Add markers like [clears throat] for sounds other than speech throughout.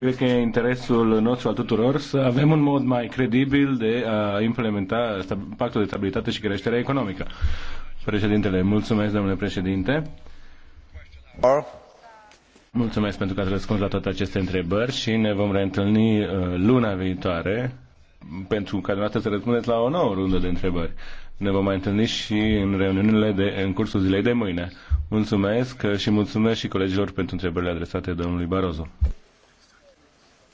Cred că e interesul nostru al tuturor să avem un mod mai credibil de a implementa pactul de stabilitate și creștere economică. Președintele, mulțumesc, domnule președinte. Mulțumesc pentru că ați răspuns la toate aceste întrebări și ne vom reîntâlni uh, luna viitoare pentru ca dumneavoastră să răspundeți la o nouă rundă de întrebări. Ne vom mai întâlni și în reuniunile de, în cursul zilei de mâine. Mulțumesc uh, și mulțumesc și colegilor pentru întrebările adresate domnului Barozo.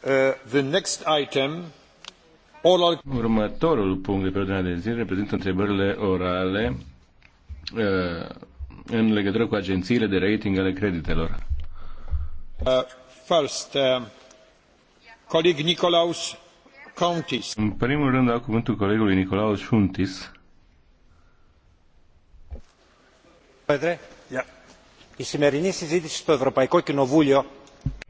Uh, Următorul punct de pe ordinea de zi reprezintă întrebările orale uh, în legătură cu agențiile de rating ale creditelor. Uh, first, coleg În primul rând dau cuvântul colegului Nicolaus Shuntis. Petre, yeah. η σημερινή συζήτηση στο Ευρωπαϊκό Κοινοβούλιο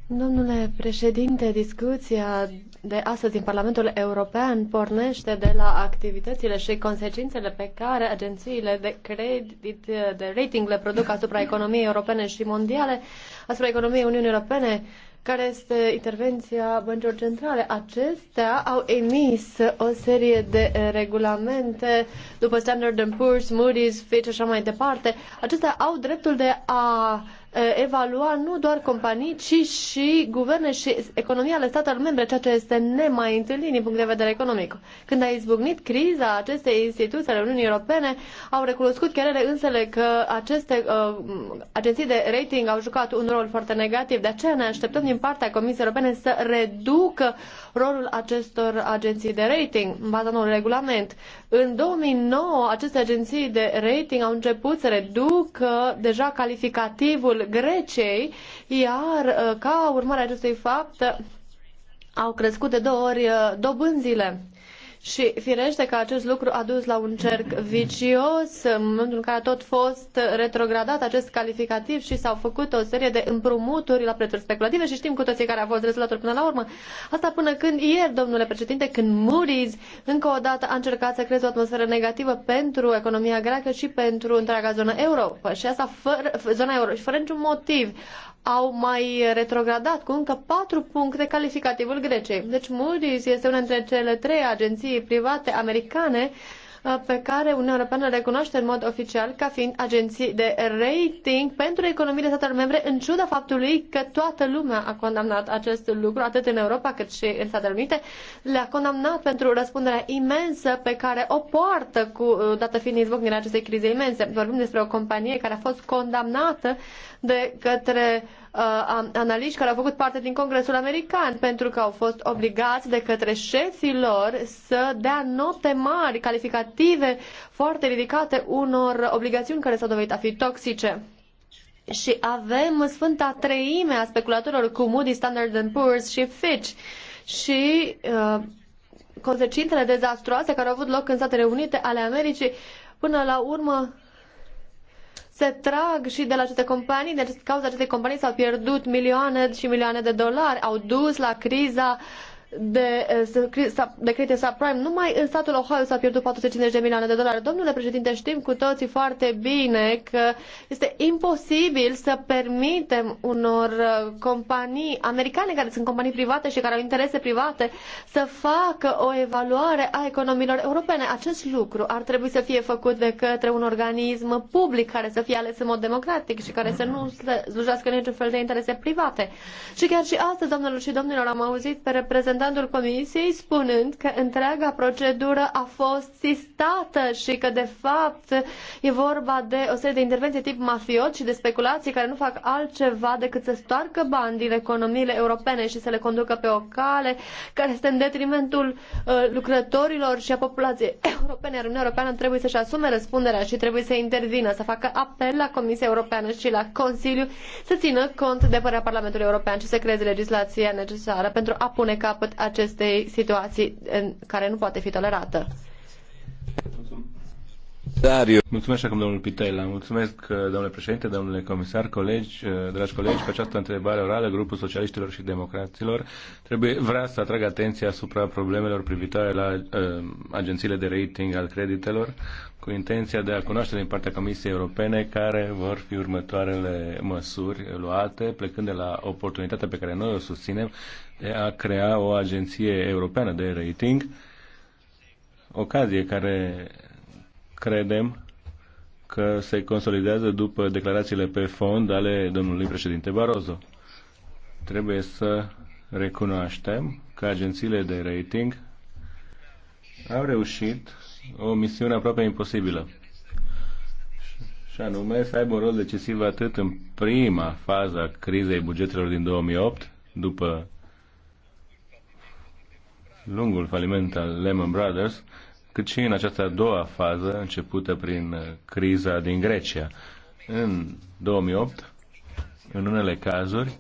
Domnule președinte, discuția de astăzi în Parlamentul European pornește de la activitățile și consecințele pe care agențiile de credit, de rating le produc asupra economiei europene și mondiale, asupra economiei Uniunii Europene, care este intervenția băncilor centrale. Acestea au emis o serie de regulamente după Standard Poor's, Moody's, Fitch și așa mai departe. Acestea au dreptul de a Uh, evalua nu doar companii, ci și guverne și economia ale statelor membre, ceea ce este nemai întâlnit din punct de vedere economic. Când a izbucnit criza, aceste instituții ale Uniunii Europene au recunoscut chiar ele însele că aceste uh, agenții de rating au jucat un rol foarte negativ. De aceea ne așteptăm din partea Comisiei Europene să reducă uh, rolul acestor agenții de rating în baza unui regulament. În 2009, aceste agenții de rating au început să reducă deja calificativul Greciei, iar uh, ca urmare a acestui fapt au crescut de două ori uh, dobânzile și firește că acest lucru a dus la un cerc vicios, în momentul în care a tot fost retrogradat acest calificativ și s-au făcut o serie de împrumuturi la prețuri speculative și știm cu toții care a fost rezultatul până la urmă. Asta până când ieri, domnule președinte, când Moody's încă o dată a încercat să creeze o atmosferă negativă pentru economia greacă și pentru întreaga zonă euro. Păi și asta fără, zona euro și fără niciun motiv au mai retrogradat cu încă patru puncte calificativul Greciei. Deci Moody's este una dintre cele trei agenții private americane uh, pe care Uniunea Europeană le recunoaște în mod oficial ca fiind agenții de rating pentru economiile statelor membre, în ciuda faptului că toată lumea a condamnat acest lucru, atât în Europa cât și în Statele Unite, le-a condamnat pentru răspunderea imensă pe care o poartă cu uh, dată fiind izbucnirea acestei crize imense. Vorbim despre o companie care a fost condamnată de către uh, analiști care au făcut parte din Congresul American, pentru că au fost obligați de către șefii lor să dea note mari, calificative foarte ridicate unor obligațiuni care s-au dovedit a fi toxice. Și avem Sfânta Treime a speculatorilor cu Moody, Standard Poor's și Fitch. Și uh, consecințele dezastruoase care au avut loc în Statele Unite ale Americii, până la urmă se trag și de la aceste companii, deci cauza acestei companii s-au pierdut milioane și milioane de dolari, au dus la criza uh, de, eh, de credite subprime. numai în statul Ohio s-a pierdut 450 de milioane de dolari. Domnule președinte, știm cu toții foarte bine că este imposibil să permitem unor eh, companii americane, care sunt companii private și care au interese private, să facă o evaluare a economiilor europene. Acest lucru ar trebui să fie făcut de către un organism public care să fie ales în mod democratic și care să nu slujească niciun fel de interese private. Și chiar și astăzi, domnilor și domnilor, am auzit pe reprezentanți reprezentantul Comisiei spunând că întreaga procedură a fost sistată și că de fapt e vorba de o serie de intervenții tip mafiot și de speculații care nu fac altceva decât să stoarcă bani din economiile europene și să le conducă pe o cale care este în detrimentul uh, lucrătorilor și a populației [coughs] europene. Iar Uniunea Europeană trebuie să-și asume răspunderea și trebuie să intervină, să facă apel la Comisia Europeană și la Consiliu să țină cont de părerea Parlamentului European și să creeze legislația necesară pentru a pune capăt acestei situații care nu poate fi tolerată. Dario. Mulțumesc acum domnul Pitela. Mulțumesc, uh, domnule președinte, domnule comisar, colegi, uh, dragi colegi, pe această întrebare orală, grupul socialiștilor și democraților trebuie, vrea să atragă atenția asupra problemelor privitoare la uh, agențiile de rating al creditelor, cu intenția de a cunoaște din partea Comisiei Europene care vor fi următoarele măsuri luate, plecând de la oportunitatea pe care noi o susținem de a crea o agenție europeană de rating, ocazie care credem că se consolidează după declarațiile pe fond ale domnului președinte Barroso. Trebuie să recunoaștem că agențiile de rating au reușit o misiune aproape imposibilă. Și anume să aibă un rol decisiv atât în prima fază a crizei bugetelor din 2008, după lungul faliment al Lehman Brothers, cât și în această a doua fază începută prin uh, criza din Grecia. În 2008, în unele cazuri,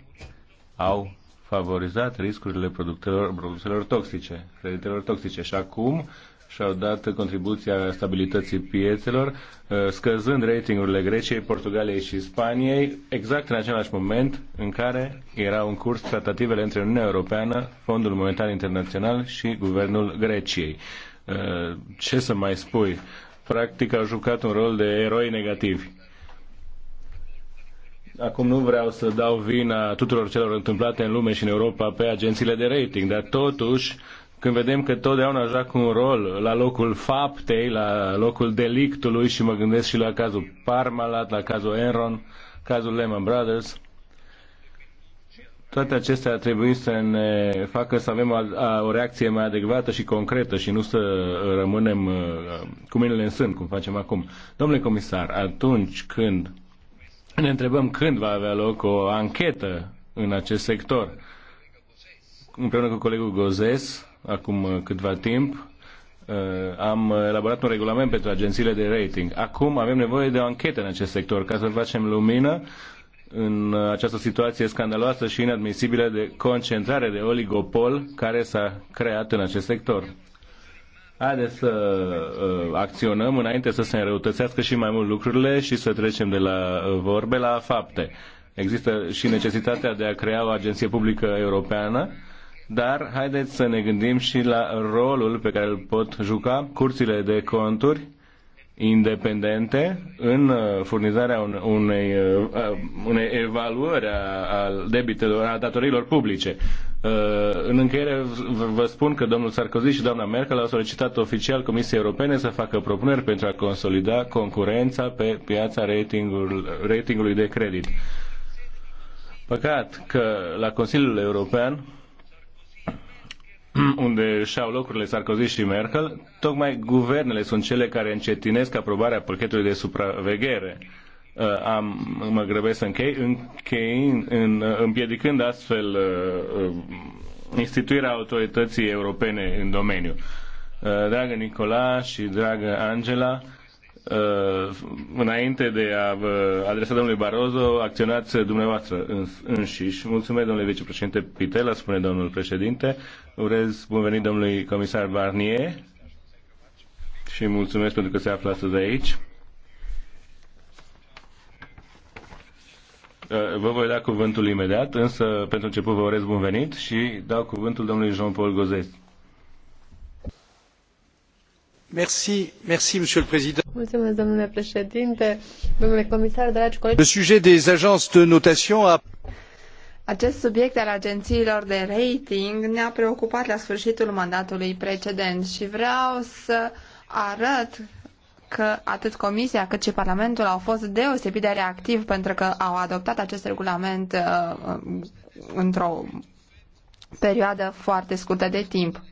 au favorizat riscurile producătorilor toxice, creditelor toxice. Și acum și-au dat contribuția stabilității piețelor, uh, scăzând ratingurile Greciei, Portugaliei și Spaniei, exact în același moment în care erau în curs tratativele între Uniunea Europeană, Fondul Monetar Internațional și Guvernul Greciei. Uh, ce să mai spui? Practic au jucat un rol de eroi negativi. Acum nu vreau să dau vina tuturor celor întâmplate în lume și în Europa pe agențiile de rating, dar totuși când vedem că totdeauna joacă un rol la locul faptei, la locul delictului și mă gândesc și la cazul Parmalat, la cazul Enron, cazul Lehman Brothers. Toate acestea ar trebui să ne facă să avem o, reacție mai adecvată și concretă și nu să rămânem uh, cu minele în sân, cum facem acum. Domnule comisar, atunci când ne întrebăm când va avea loc o anchetă în acest sector, împreună cu colegul Gozes, acum uh, câtva timp, uh, am elaborat un regulament pentru agențiile de rating. Acum avem nevoie de o anchetă în acest sector ca să facem lumină în uh, această situație scandaloasă și inadmisibilă de concentrare de oligopol care s-a creat în acest sector. Haideți să uh, acționăm înainte să se înrăutățească și mai mult lucrurile și să trecem de la vorbe la fapte. Există și necesitatea de a crea o agenție publică europeană uh, dar haideți să ne gândim și la rolul pe care îl pot juca curțile de conturi independente în uh, furnizarea unei, uh, unei evaluări a debitelor, a datoriilor publice. Uh, în încheiere vă spun că domnul Sarkozy și doamna Merkel au solicitat oficial Comisiei Europene să facă propuneri pentru a consolida concurența pe piața ratingului, ratingului de credit. Păcat că la Consiliul European [clears throat] unde își au locurile Sarkozy și Merkel, tocmai guvernele sunt cele care încetinesc aprobarea pachetului de supraveghere. Uh, am, mă grăbesc să închei, închei în, uh, împiedicând astfel uh, uh, instituirea autorității europene în domeniu. Uh, dragă Nicola și dragă Angela, Uh, înainte de a vă adresa domnului Barroso, acționați dumneavoastră în, înșiși. Mulțumesc, domnule vicepreședinte Pitela, spune domnul președinte. Urez bun venit domnului comisar Barnier și mulțumesc pentru că se află astăzi aici. Uh, vă voi da cuvântul imediat, însă pentru început vă urez bun venit și dau cuvântul domnului Jean-Paul Gozes. Merci, merci, le domnule președinte, domnule comisar, dragi colegi. Le sujet des agences de notation a acest subiect al agențiilor de rating ne-a preocupat la sfârșitul mandatului precedent și vreau să arăt că atât Comisia cât și Parlamentul au fost deosebit de reactiv pentru că au adoptat acest regulament uh, într-o perioadă foarte scurtă de timp.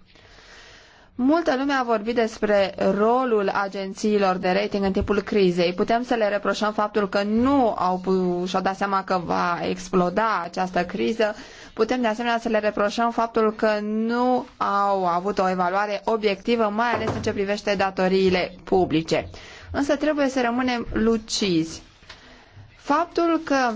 Multă lume a vorbit despre rolul agențiilor de rating în timpul crizei. Putem să le reproșăm faptul că nu au și-au dat seama că va exploda această criză. Putem de asemenea să le reproșăm faptul că nu au avut o evaluare obiectivă, mai ales în ce privește datoriile publice. Însă trebuie să rămânem lucizi. Faptul că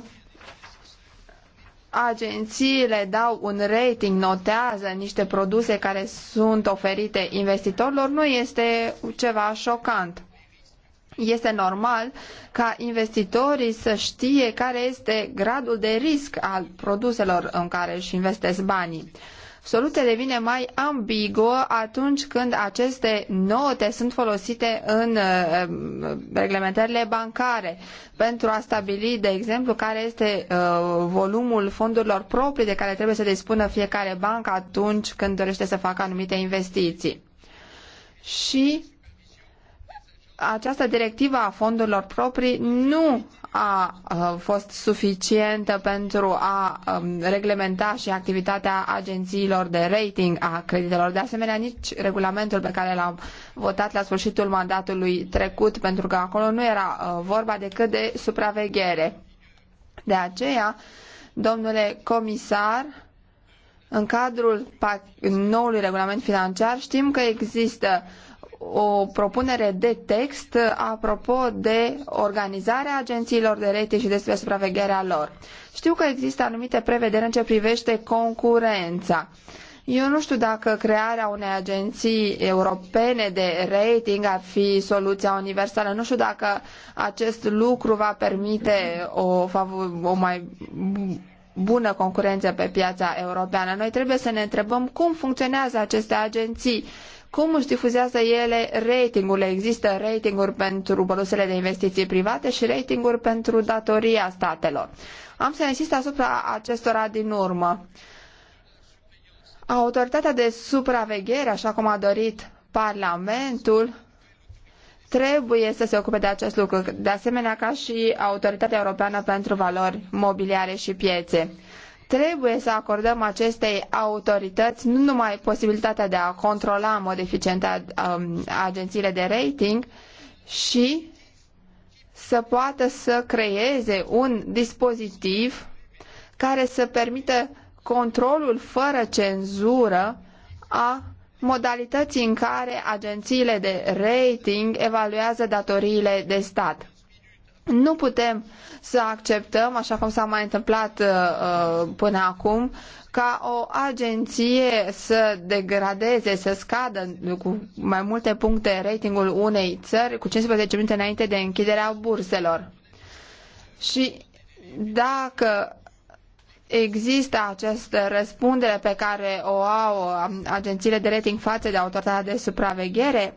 agențiile dau un rating, notează niște produse care sunt oferite investitorilor, nu este ceva șocant. Este normal ca investitorii să știe care este gradul de risc al produselor în care își investesc banii soluția devine mai ambiguă atunci când aceste note sunt folosite în uh, uh, reglementările bancare pentru a stabili, de exemplu, care este uh, volumul fondurilor proprii de care trebuie să dispună fiecare bancă atunci când dorește să facă anumite investiții. Și această directivă a fondurilor proprii nu a fost suficientă pentru a um, reglementa și activitatea agențiilor de rating a creditelor. De asemenea, nici regulamentul pe care l-am votat la sfârșitul mandatului trecut, pentru că acolo nu era uh, vorba decât de supraveghere. De aceea, domnule comisar, în cadrul noului regulament financiar știm că există uh, o propunere de text apropo de organizarea agențiilor de rating și despre supravegherea lor. Știu că există anumite prevederi în ce privește concurența. Eu nu știu dacă crearea unei agenții europene de rating ar fi soluția universală. Nu știu dacă acest lucru va permite o, o mai bună concurență pe piața europeană. Noi trebuie să ne întrebăm cum funcționează aceste agenții cum își difuzează ele ratingurile? Există ratinguri pentru produsele de investiții private și ratinguri pentru datoria statelor. Am să insist asupra acestora din urmă. Autoritatea de supraveghere, așa cum a dorit Parlamentul, trebuie să se ocupe de acest lucru, de asemenea ca și Autoritatea Europeană pentru Valori Mobiliare și Piețe. Trebuie să acordăm acestei autorități nu numai posibilitatea de a controla în mod eficient um, agențiile de rating, și să poată să creeze un dispozitiv care să permită controlul fără cenzură a modalității în care agențiile de rating evaluează datoriile de stat. Nu putem să acceptăm, așa cum s-a mai întâmplat uh, uh, până acum, ca o agenție să degradeze, să scadă cu mai multe puncte ratingul unei țări cu 15 minute înainte de închiderea burselor. Și dacă există această răspundere pe care o au um, agențiile de rating față de autoritatea de supraveghere,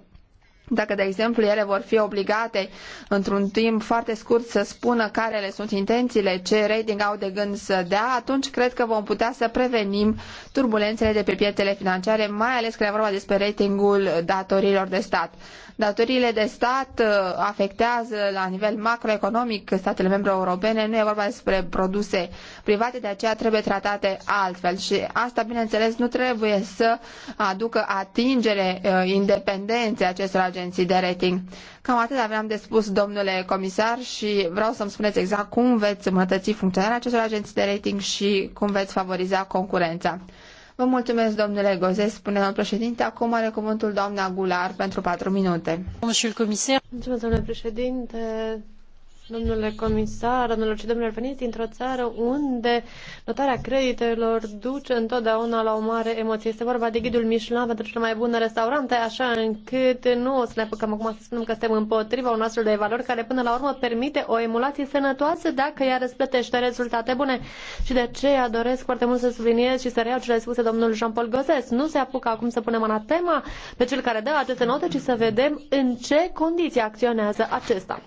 dacă, de exemplu, ele vor fi obligate într-un timp foarte scurt să spună care le sunt intențiile, ce rating au de gând să dea, atunci cred că vom putea să prevenim turbulențele de pe piețele financiare, mai ales când e vorba despre ratingul datorilor de stat. Datoriile de stat uh, afectează la nivel macroeconomic statele membre europene, nu e vorba despre produse private, de aceea trebuie tratate altfel. Și asta, bineînțeles, nu trebuie să aducă atingere uh, independenței acestor agenții de rating. Cam atât aveam de spus, domnule comisar, și vreau să-mi spuneți exact cum veți îmbunătăți funcționarea acestor agenții de rating și cum veți favoriza concurența. Vă mulțumesc, domnule Gozes, spune domnul președinte. Acum are cuvântul doamna Gular pentru patru minute. Mulțumesc, domnule președinte, domnule comisar, domnilor și domnilor, veniți dintr-o țară unde notarea creditelor duce întotdeauna la o mare emoție. Este vorba de ghidul Michelin pentru cele mai bune restaurante, așa încât nu o să ne apucăm acum să spunem că suntem împotriva un astfel de valori care până la urmă permite o emulație sănătoasă dacă ea răsplătește rezultate bune. Și de aceea doresc foarte mult să subliniez și să reiau cele spuse domnul Jean-Paul Gozes. Nu se apucă acum să punem anatema pe cel care dă aceste note, ci să vedem în ce condiții acționează acesta.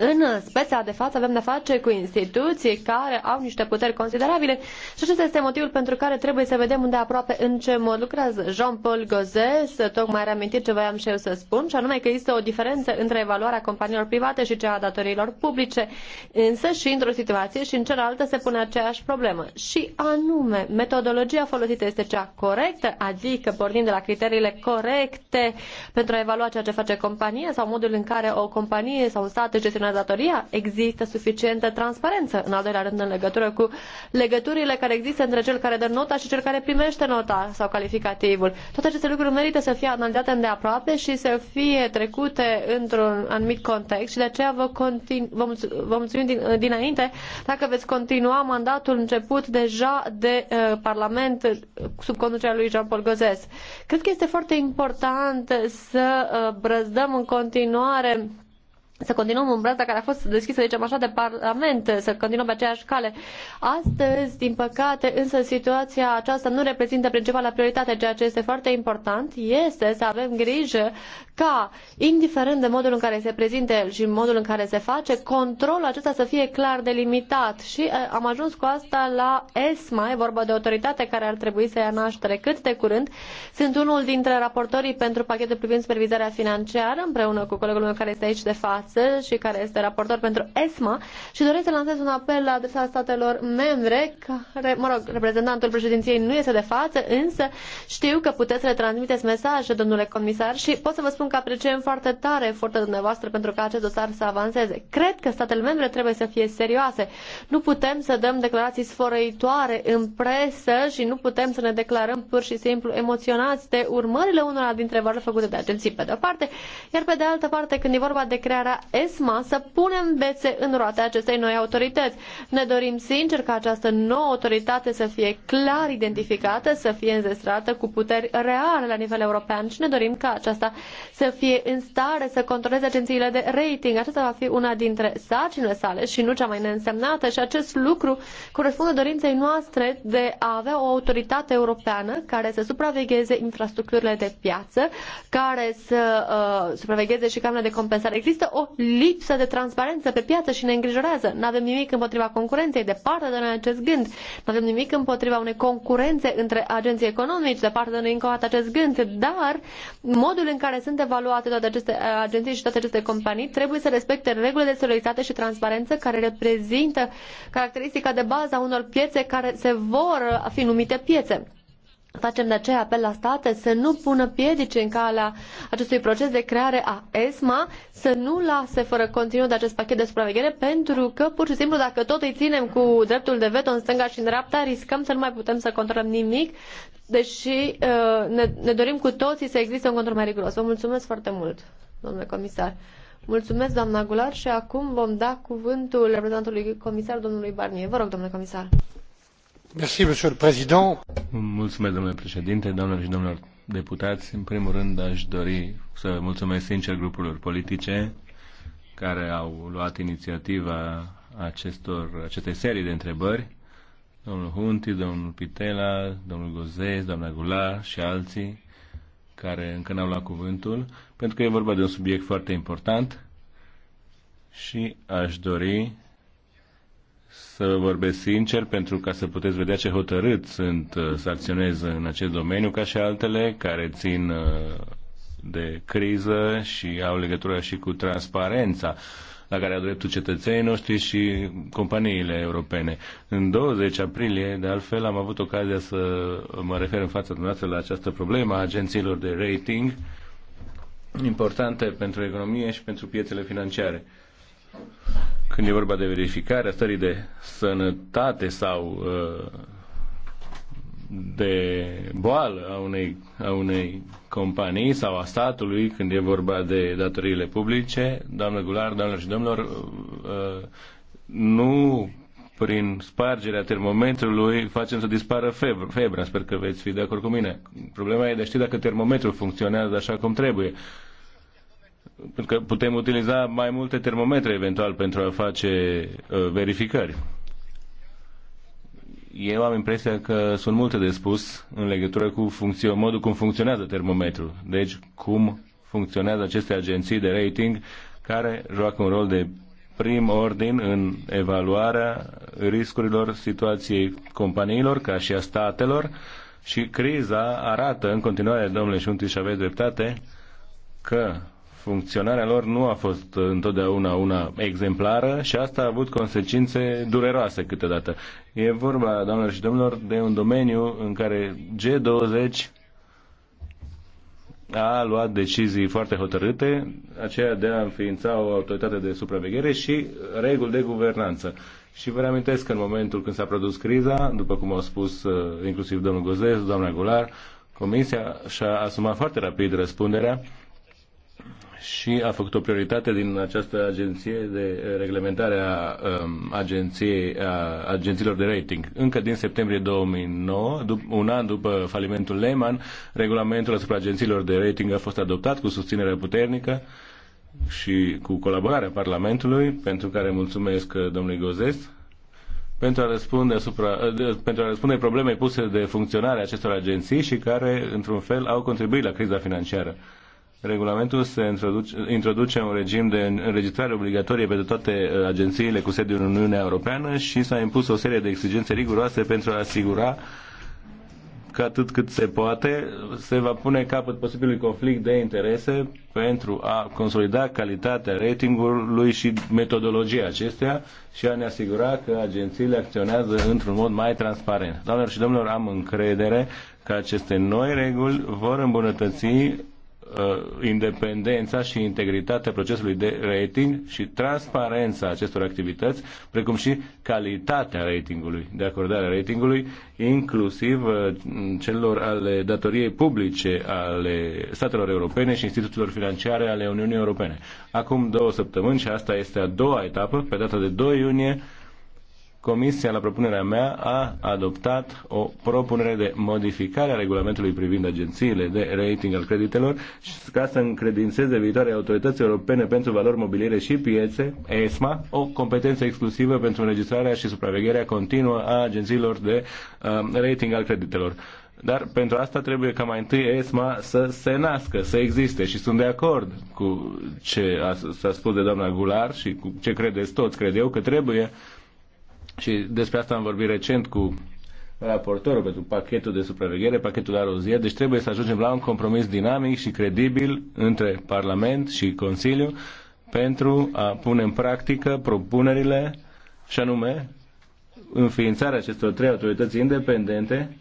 În speța de față avem de face cu instituții care au niște puteri considerabile și acesta este motivul pentru care trebuie să vedem unde aproape în ce mod lucrează. Jean-Paul Gozes tocmai a reamintit ce voiam și eu să spun, și anume că există o diferență între evaluarea companiilor private și cea a datoriilor publice, însă și într-o situație și în cealaltă se pune aceeași problemă. Și anume, metodologia folosită este cea corectă, adică pornind de la criteriile corecte pentru a evalua ceea ce face compania sau modul în care o companie sau un stat gestionează funcționează datoria? Există suficientă transparență, în al doilea rând, în legătură cu legăturile care există între cel care dă nota și cel care primește nota sau calificativul. Toate aceste lucruri merită să fie analizate îndeaproape și să fie trecute într-un anumit context și de aceea vă, continu- vă, vă mulțumim din, dinainte dacă veți continua mandatul început deja de uh, Parlament uh, sub conducerea lui Jean-Paul Gozes. Cred că este foarte important să uh, brăzdăm în continuare să continuăm brața care a fost deschisă, zicem deci așa, de Parlament, să continuăm pe aceeași cale. Astăzi, din păcate, însă situația aceasta nu reprezintă principala prioritate, ceea ce este foarte important este să avem grijă ca, indiferent de modul în care se prezinte el și modul în care se face, controlul acesta să fie clar delimitat. Și eh, am ajuns cu asta la ESMA, e vorba de autoritate care ar trebui să ia naștere cât de curând. Sunt unul dintre raportorii pentru pachetul privind supervizarea financiară, împreună cu colegul meu care este aici de față față și care este raportor pentru ESMA și doresc să lansez un apel la adresa statelor membre, care, mă rog, reprezentantul președinției nu este de față, însă știu că puteți să le transmiteți mesaje, domnule comisar, și pot să vă spun că apreciem foarte tare efortul dumneavoastră pentru ca acest dosar să avanseze. Cred că statele membre trebuie să fie serioase. Nu putem să dăm declarații sfărăitoare în presă și nu putem să ne declarăm pur și simplu emoționați de urmările unora dintre valori făcute de agenții pe de-o parte, iar pe de altă parte, când e vorba de crearea ESMA să punem bețe în roate acestei noi autorități. Ne dorim sincer ca această nouă autoritate să fie clar identificată, să fie înzestrată cu puteri reale la nivel european și ne dorim ca aceasta să fie în stare să controleze agențiile de rating. Aceasta va fi una dintre sarcinile sale și nu cea mai neînsemnată și acest lucru corespunde dorinței noastre de a avea o autoritate europeană care să supravegheze infrastructurile de piață, care să uh, supravegheze și camerele de compensare. Există o lipsă de transparență pe piață și ne îngrijorează. Nu avem nimic împotriva concurenței, departe de noi acest gând. Nu avem nimic împotriva unei concurențe între agenții economici, departe de noi încă o dată acest gând, dar modul în care sunt evaluate toate aceste uh, agenții și toate aceste companii trebuie să respecte regulile de solidaritate și transparență care reprezintă caracteristica de bază a unor piețe care se vor fi numite piețe. Facem de aceea apel la state să nu pună piedici în calea acestui proces de creare a ESMA, să nu lase fără conținut acest pachet de supraveghere, pentru că, pur și simplu, dacă tot îi ținem cu dreptul de veto în stânga și în dreapta, riscăm să nu mai putem să controlăm nimic, deși uh, ne, ne dorim cu toții să existe un control mai riguros. Vă mulțumesc foarte mult, domnule comisar. Mulțumesc, doamna Gular, și acum vom da cuvântul reprezentantului comisar, domnului Barnier. Vă rog, domnule comisar. Mulțumesc, domnule președinte, doamnelor și domnilor deputați. În primul rând, aș dori să mulțumesc sincer grupurilor politice care au luat inițiativa acestor, acestei serii de întrebări. Domnul Hunti, domnul Pitela, domnul Gozes, doamna Gular și alții care încă n-au luat cuvântul, pentru că e vorba de un subiect foarte important și aș dori să vorbesc sincer pentru ca să puteți vedea ce hotărât sunt uh, să acționez în acest domeniu, ca și altele care țin uh, de criză și au legătură și cu transparența la care au dreptul cetățenii noștri și companiile europene. În 20 aprilie, de altfel, am avut ocazia să mă refer în fața dumneavoastră la această problemă a agențiilor de rating importante pentru economie și pentru piețele financiare când e vorba de verificarea stării de sănătate sau uh, de boală a unei, a unei companii sau a statului, când e vorba de datoriile publice, doamnă Gular, doamnelor și domnilor, uh, nu prin spargerea termometrului facem să dispară febra. Sper că veți fi de acord cu mine. Problema e de a ști dacă termometrul funcționează așa cum trebuie pentru că putem utiliza mai multe termometre eventual pentru a face uh, verificări. Eu am impresia că sunt multe de spus în legătură cu funcțio- modul cum funcționează termometrul. Deci, cum funcționează aceste agenții de rating care joacă un rol de prim ordin în evaluarea riscurilor situației companiilor ca și a statelor și criza arată în continuare, domnule Șunti, și aveți dreptate, că funcționarea lor nu a fost întotdeauna una exemplară și asta a avut consecințe dureroase câteodată. E vorba, doamnelor și domnilor, de un domeniu în care G20 a luat decizii foarte hotărâte, aceea de a înființa o autoritate de supraveghere și reguli de guvernanță. Și vă reamintesc că în momentul când s-a produs criza, după cum au spus uh, inclusiv domnul Gozes, doamna Gular, Comisia și-a asumat foarte rapid răspunderea și a făcut o prioritate din această agenție de reglementare a, um, agenției, a agențiilor de rating. Încă din septembrie 2009, dup- un an după falimentul Lehman, regulamentul asupra agențiilor de rating a fost adoptat cu susținere puternică și cu colaborarea Parlamentului, pentru care mulțumesc uh, domnului Gozes, pentru a răspunde, asupra, uh, pentru a răspunde problemei puse de funcționare acestor agenții și care, într-un fel, au contribuit la criza financiară. Regulamentul se introduce, introduce un regim de înregistrare obligatorie pentru toate uh, agențiile cu sediul în Uniunea Europeană și s-a impus o serie de exigențe riguroase pentru a asigura că atât cât se poate se va pune capăt posibilului conflict de interese pentru a consolida calitatea ratingului și metodologia acestea și a ne asigura că agențiile acționează într-un mod mai transparent. Doamnelor și domnilor, am încredere că aceste noi reguli vor îmbunătăți Uh, independența și integritatea procesului de rating și transparența acestor activități, precum și calitatea ratingului, de a ratingului, inclusiv uh, celor ale datoriei publice ale statelor europene și instituțiilor financiare ale Uniunii Europene. Acum două săptămâni și asta este a doua etapă, pe data de 2 iunie, Comisia, la propunerea mea, a adoptat o propunere de modificare a regulamentului privind agențiile de rating al creditelor ca să încredințeze viitoarei autorități europene pentru valori mobiliere și piețe, ESMA, o competență exclusivă pentru înregistrarea și supravegherea continuă a agențiilor de uh, rating al creditelor. Dar pentru asta trebuie ca mai întâi ESMA să se nască, să existe și sunt de acord cu ce s-a spus de doamna Gular și cu ce credeți toți, cred eu, că trebuie și despre asta am vorbit recent cu raportorul pentru pachetul de supraveghere, pachetul de arozie. deci trebuie să ajungem la un compromis dinamic și credibil între Parlament și Consiliu pentru a pune în practică propunerile și anume înființarea acestor trei autorități independente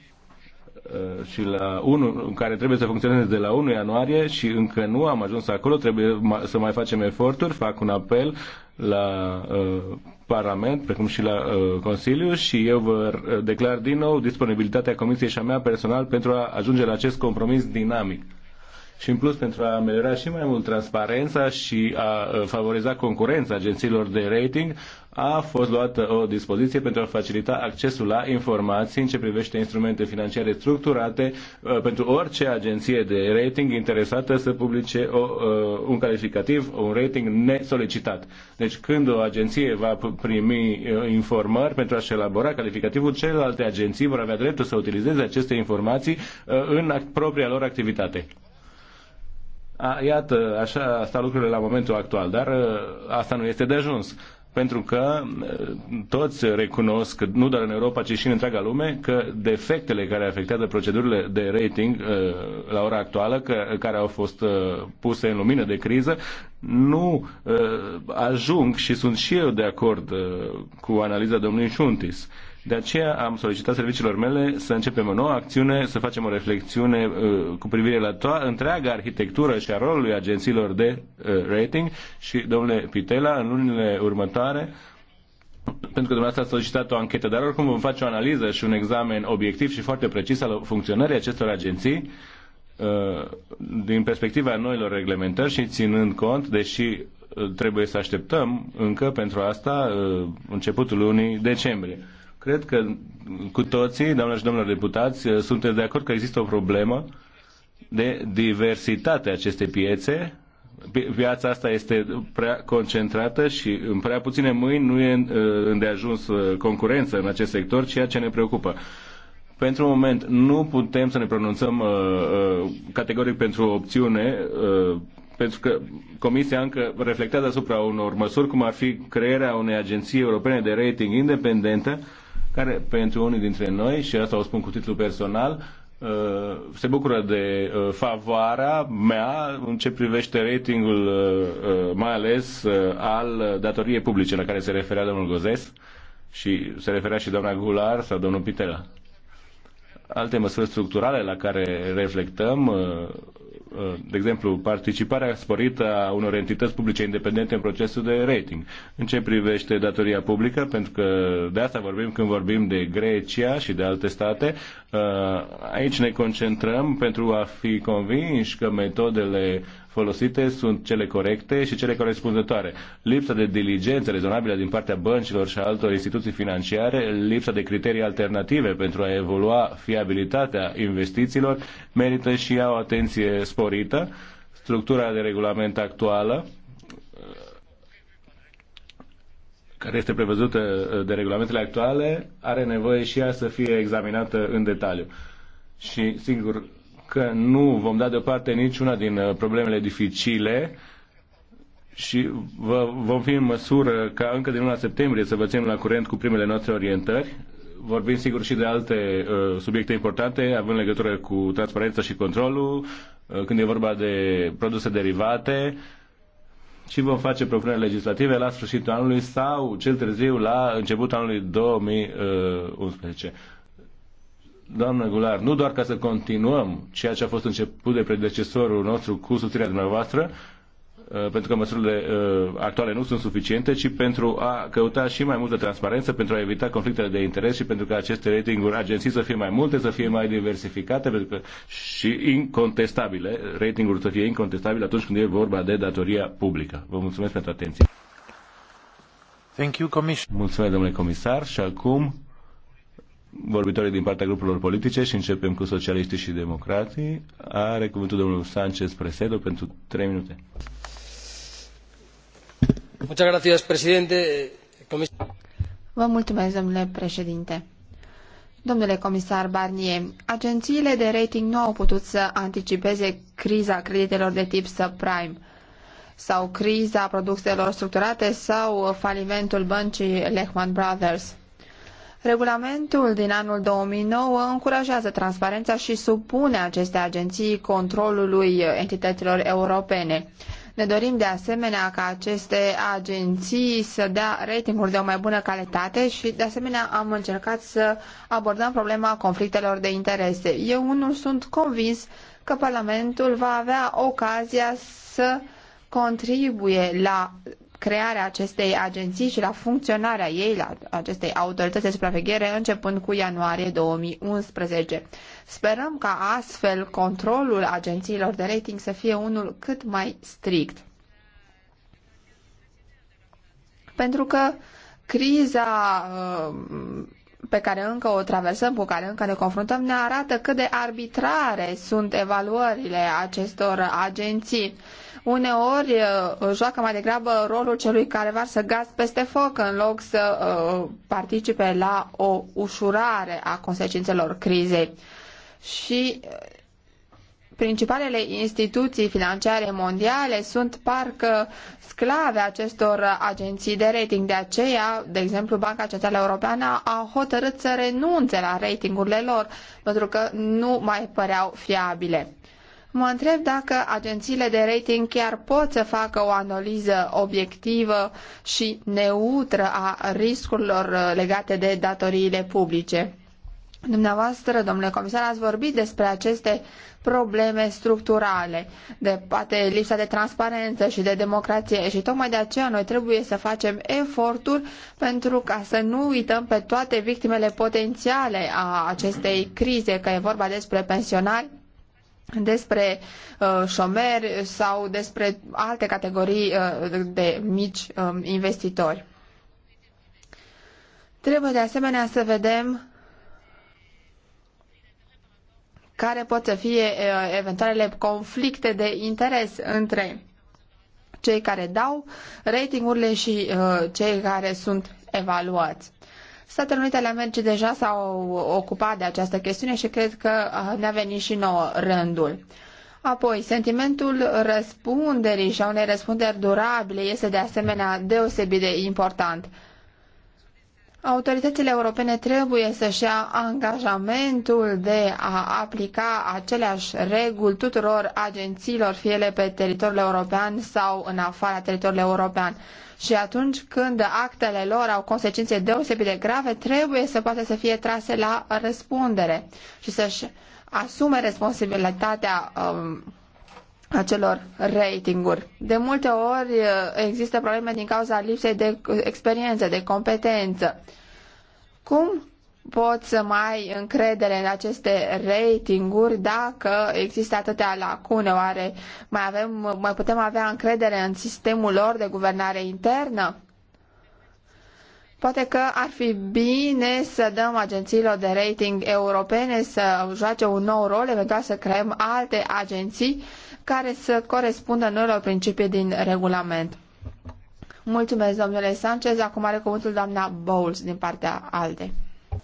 Uh, și la 1, care trebuie să funcționeze de la 1 ianuarie și încă nu am ajuns acolo, trebuie să mai facem eforturi, fac un apel la uh, Parlament, precum și la uh, Consiliu și eu vă uh, declar din nou disponibilitatea Comisiei și a mea personal pentru a ajunge la acest compromis dinamic și în plus pentru a ameliora și mai mult transparența și a favoriza concurența agențiilor de rating, a fost luată o dispoziție pentru a facilita accesul la informații în ce privește instrumente financiare structurate pentru orice agenție de rating interesată să publice o, un calificativ, un rating nesolicitat. Deci când o agenție va primi informări pentru a-și elabora calificativul, celelalte agenții vor avea dreptul să utilizeze aceste informații în propria lor activitate. A, iată, așa stau lucrurile la momentul actual, dar ă, asta nu este de ajuns. Pentru că ă, toți recunosc, nu doar în Europa, ci și în întreaga lume, că defectele care afectează procedurile de rating ă, la ora actuală, care au fost puse în lumină de criză, nu ajung și sunt și eu de acord cu analiza domnului Șuntis de aceea am solicitat serviciilor mele să începem o nouă acțiune, să facem o reflexiune uh, cu privire la to- întreaga arhitectură și a rolului agențiilor de uh, rating și, domnule Pitela, în lunile următoare pentru că dumneavoastră a solicitat o anchetă, dar oricum vom face o analiză și un examen obiectiv și foarte precis al funcționării acestor agenții uh, din perspectiva noilor reglementări și ținând cont, deși uh, trebuie să așteptăm încă pentru asta uh, începutul lunii decembrie. Cred că cu toții, doamnelor și domnilor deputați, uh, suntem de acord că există o problemă de diversitate a acestei piețe. Piața asta este prea concentrată și în prea puține mâini nu e uh, îndeajuns uh, concurență în acest sector, ceea ce ne preocupă. Pentru moment nu putem să ne pronunțăm uh, uh, categoric pentru o opțiune, uh, pentru că Comisia încă reflectează asupra unor măsuri, cum ar fi crearea unei agenții europene de rating independentă, uh, care pentru unii dintre noi, și asta o spun cu titlu personal, uh, se bucură de uh, favoarea mea în ce privește ratingul uh, mai ales al datoriei publice la care se referea domnul Gozes și se referea și doamna Gular sau domnul Pitela. Alte măsuri structurale la care reflectăm Uh, de exemplu, participarea sporită a unor entități publice independente în procesul de rating. În ce privește datoria publică, pentru că de asta vorbim când vorbim de Grecia și de alte state, uh, aici ne concentrăm pentru a fi convinși că metodele folosite sunt cele corecte și cele corespunzătoare. Lipsa de diligență rezonabilă din partea băncilor și a altor instituții financiare, lipsa de criterii alternative pentru a evolua fiabilitatea investițiilor, merită și ea o atenție sporită. Structura de regulament actuală care este prevăzută de regulamentele actuale, are nevoie și ea să fie examinată în detaliu. Și, sigur, dacă nu vom da deoparte niciuna din uh, problemele dificile, și vă, vom fi în măsură ca încă din luna septembrie să vă ținem la curent cu primele noastre orientări. Vorbim sigur și de alte uh, subiecte importante, având legătură cu transparența și controlul, uh, când e vorba de produse derivate și vom face propuneri legislative la sfârșitul anului sau cel târziu la începutul anului 2011 doamnă Gular, nu doar ca să continuăm ceea ce a fost început de predecesorul nostru cu susținerea dumneavoastră, uh, pentru că măsurile uh, actuale nu sunt suficiente, ci pentru a căuta și mai multă transparență, pentru a evita conflictele de interes și pentru că aceste ratinguri agenții să fie mai multe, să fie mai diversificate pentru că și incontestabile, ratingurile să fie incontestabile atunci când e vorba de datoria publică. Vă mulțumesc pentru atenție. Thank you, Mulțumesc, domnule comisar. Și acum vorbitorii din partea grupurilor politice și începem cu socialiștii și democrații. Are cuvântul domnul Sanchez Presedo pentru 3 minute. Vă mulțumesc, domnule președinte. Domnule comisar Barnier, agențiile de rating nu au putut să anticipeze criza creditelor de tip subprime sau criza produselor structurate sau falimentul băncii Lehman Brothers. Regulamentul din anul 2009 încurajează transparența și supune aceste agenții controlului entităților europene. Ne dorim de asemenea ca aceste agenții să dea ratinguri de o mai bună calitate și de asemenea am încercat să abordăm problema conflictelor de interese. Eu unul sunt convins că Parlamentul va avea ocazia să contribuie la crearea acestei agenții și la funcționarea ei, la acestei autorități de supraveghere, începând cu ianuarie 2011. Sperăm ca astfel controlul agențiilor de rating să fie unul cât mai strict. Pentru că criza uh, pe care încă o traversăm, cu care încă ne confruntăm, ne arată cât de arbitrare sunt evaluările acestor agenții uneori uh, joacă mai degrabă rolul celui care să gaz peste foc în loc să uh, participe la o ușurare a consecințelor crizei. Și uh, principalele instituții financiare mondiale sunt parcă sclave acestor agenții de rating. De aceea, de exemplu, Banca Centrală Europeană a hotărât să renunțe la ratingurile lor pentru că nu mai păreau fiabile. Mă întreb dacă agențiile de rating chiar pot să facă o analiză obiectivă și neutră a riscurilor uh, legate de datoriile publice. Dumneavoastră, domnule comisar, ați vorbit despre aceste probleme structurale, de poate lipsa de transparență și de democrație și tocmai de aceea noi trebuie să facem eforturi pentru ca să nu uităm pe toate victimele potențiale a acestei crize, că e vorba despre pensionari, despre uh, șomeri sau despre alte categorii uh, de mici uh, investitori. Trebuie de asemenea să vedem care pot să fie uh, eventualele conflicte de interes între cei care dau ratingurile și uh, cei care sunt evaluați. Statele Unite ale Americii deja s-au ocupat de această chestiune și cred că uh, ne-a venit și nouă rândul. Apoi, sentimentul răspunderii și a unei răspunderi durabile este de asemenea deosebit de important. Autoritățile europene trebuie să-și ia angajamentul de a aplica aceleași reguli tuturor agențiilor, fie ele pe teritoriul european sau în afara teritoriului european. Și atunci când actele lor au consecințe deosebit de grave, trebuie să poată să fie trase la răspundere și să-și asume responsabilitatea um, acelor ratinguri. De multe ori uh, există probleme din cauza lipsei de experiență, de competență. Cum poți să mai încredere în aceste ratinguri dacă există atâtea lacune? Oare mai, avem, mai putem avea încredere în sistemul lor de guvernare internă? Poate că ar fi bine să dăm agențiilor de rating europene să joace un nou rol, eventual să creăm alte agenții care să corespundă noilor principii din regulament. Mulțumesc, domnule Sanchez. Acum are cuvântul doamna Bowles din partea ALDE.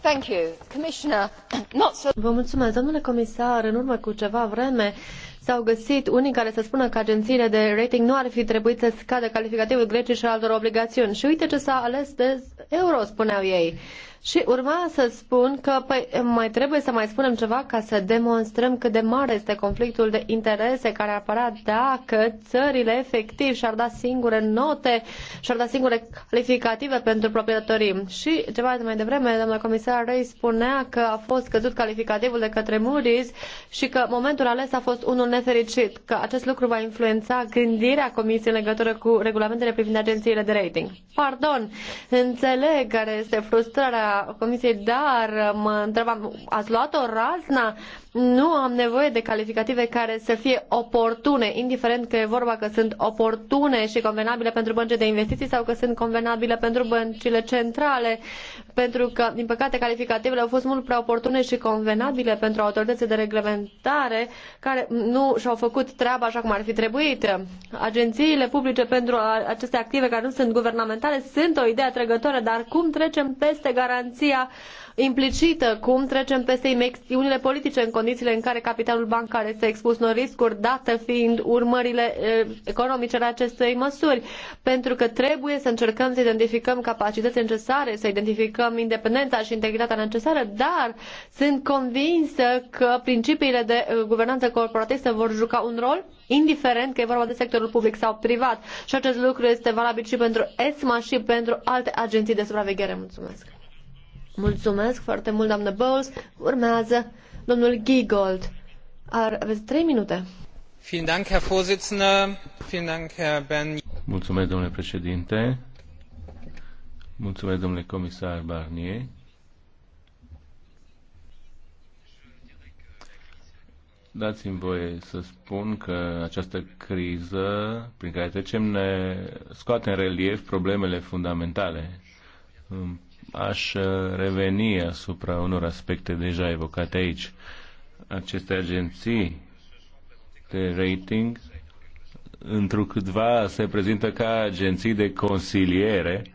Thank you. Commissioner, not so... Vă mulțumesc, domnule comisar. În urmă cu ceva vreme, s-au găsit unii care să spună că agențiile de rating nu ar fi trebuit să scadă calificativul grecii și altor obligațiuni. Și uite ce s-a ales de euro, spuneau ei. Și urma să spun că păi, mai trebuie să mai spunem ceva ca să demonstrăm cât de mare este conflictul de interese care ar apărea dacă țările efectiv și-ar da singure note și-ar da singure calificative pentru proprietorii. Și ceva de mai devreme, doamna comisar Rei spunea că a fost căzut calificativul de către Muris și că momentul ales a fost unul nefericit, că acest lucru va influența gândirea comisiei în legătură cu regulamentele privind agențiile de rating. Pardon, înțeleg care este frustrarea comisiei, dar mă întrebam, ați luat-o razna? Nu am nevoie de calificative care să fie oportune, indiferent că e vorba că sunt oportune și convenabile pentru băncile de investiții sau că sunt convenabile pentru băncile centrale, pentru că, din păcate, calificativele au fost mult prea oportune și convenabile pentru autoritățile de reglementare care nu și-au făcut treaba așa cum ar fi trebuit. Agențiile publice pentru aceste active care nu sunt guvernamentale sunt o idee atrăgătoare, dar cum trecem peste garanții garanția implicită cum trecem peste imexiunile politice în condițiile în care capitalul bancar este expus unor riscuri, date fiind urmările eh, economice ale acestei măsuri. Pentru că trebuie să încercăm să identificăm capacitățile necesare, să identificăm independența și integritatea necesară, dar sunt convinsă că principiile de eh, guvernanță corporatistă vor juca un rol indiferent că e vorba de sectorul public sau privat. Și acest lucru este valabil și pentru ESMA și pentru alte agenții de supraveghere. Mulțumesc! Mulțumesc foarte mult, doamnă Bowles. Urmează domnul Giegold. Ar aveți trei minute. Mulțumesc, domnule președinte. Mulțumesc, domnule comisar Barnier. Dați-mi voie să spun că această criză prin care trecem ne scoate în relief problemele fundamentale. În aș uh, reveni asupra unor aspecte deja evocate aici. Aceste agenții de rating întrucâtva se prezintă ca agenții de consiliere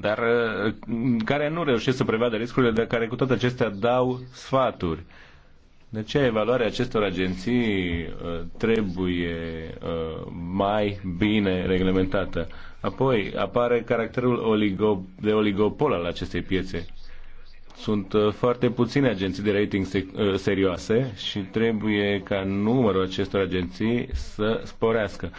dar uh, care nu reușesc să prevadă riscurile, dar care cu toate acestea dau sfaturi. De ce evaluarea acestor agenții uh, trebuie mai bine reglementată? Apoi apare caracterul oligo, de oligopol al acestei piețe. Sunt uh, foarte puține agenții de rating uh, serioase și trebuie ca numărul acestor agenții să sporească.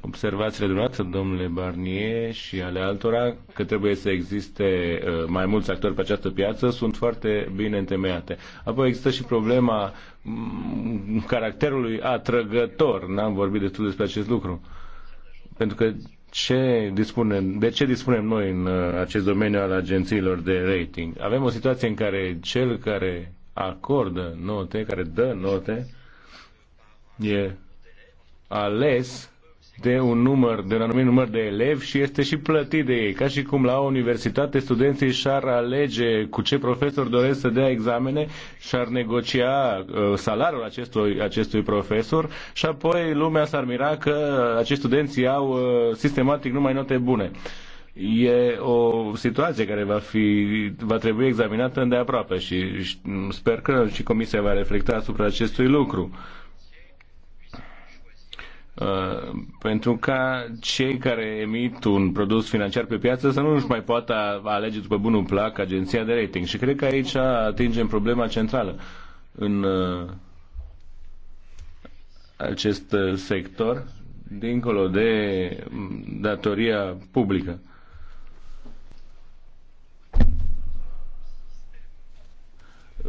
Observațiile dumneavoastră, domnule Barnier, și ale altora, că trebuie să existe uh, mai mulți actori pe această piață, sunt foarte bine întemeiate. Apoi există și problema mm, caracterului atrăgător. N-am vorbit destul despre acest lucru. Pentru că ce dispunem, de ce dispunem noi în uh, acest domeniu al agențiilor de rating. Avem o situație în care cel care acordă note, care dă note, e ales de un număr, de un anumit număr de elevi și este și plătit de ei, ca și cum la o universitate studenții și-ar alege cu ce profesor doresc să dea examene și-ar negocia uh, salariul acestui, acestui profesor și apoi lumea s-ar mira că acești studenți au uh, sistematic numai note bune. E o situație care va, fi, va trebui examinată îndeaproape și, și sper că și Comisia va reflecta asupra acestui lucru. Uh, Uh, pentru ca cei care emit un produs financiar pe piață să nu își mai poată alege după bunul plac agenția de rating. Și cred că aici atingem problema centrală în uh, acest sector, dincolo de mm, datoria publică.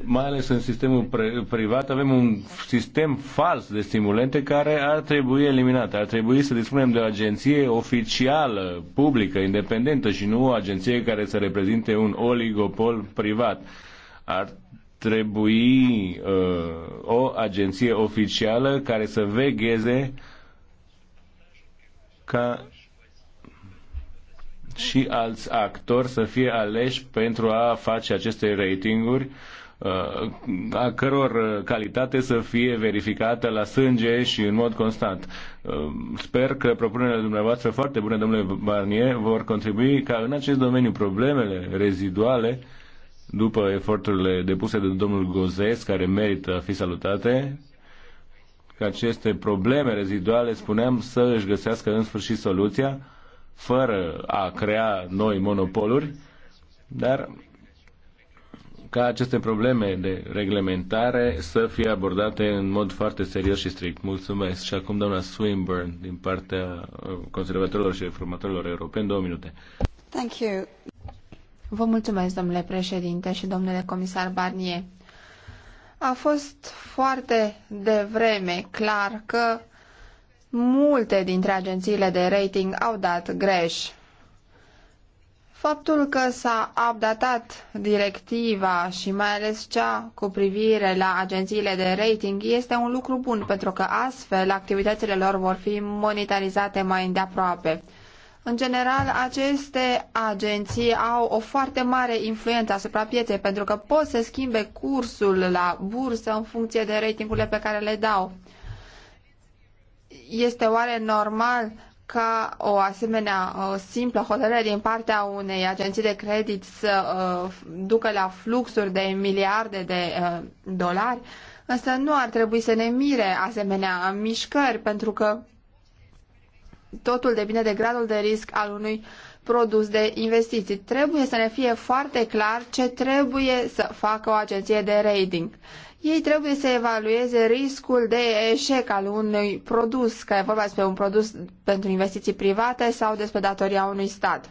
mai ales în sistemul privat, avem un sistem fals de stimulente care ar trebui eliminat. Ar trebui să dispunem de o agenție oficială, publică, independentă și nu o agenție care să reprezinte un oligopol privat. Ar trebui uh, o agenție oficială care să vegheze ca și alți actori să fie aleși pentru a face aceste ratinguri uh, a căror calitate să fie verificată la sânge și în mod constant. Ehm, sper că propunerile dumneavoastră foarte bune, domnule Barnier, vor contribui ca în acest domeniu problemele reziduale după eforturile depuse de domnul Gozes, care merită a fi salutate, că aceste probleme reziduale, spuneam, să își găsească în sfârșit soluția, fără a crea noi monopoluri, dar ca aceste probleme de reglementare să fie abordate în mod foarte serios și strict. Mulțumesc. Și acum doamna Swinburne din partea uh, conservatorilor și reformatorilor europeni, două minute. Thank you. Vă mulțumesc, domnule președinte și domnule comisar Barnier. A fost foarte devreme clar că multe dintre agențiile de rating au dat greș Faptul că s-a updatat directiva și mai ales cea cu privire la agențiile de rating este un lucru bun pentru că astfel activitățile lor vor fi monitorizate mai îndeaproape. În general, aceste agenții au o foarte mare influență asupra pieței pentru că pot să schimbe cursul la bursă în funcție de ratingurile pe care le dau. Este oare normal ca o asemenea simplă hotărâre din partea unei agenții de credit să uh, ducă la fluxuri de miliarde de uh, dolari, însă nu ar trebui să ne mire asemenea mișcări, pentru că totul depinde de gradul de risc al unui produs de investiții. Trebuie să ne fie foarte clar ce trebuie să facă o agenție de rating. Ei trebuie să evalueze riscul de eșec al unui produs, că e vorba despre un produs pentru investiții private sau despre datoria unui stat.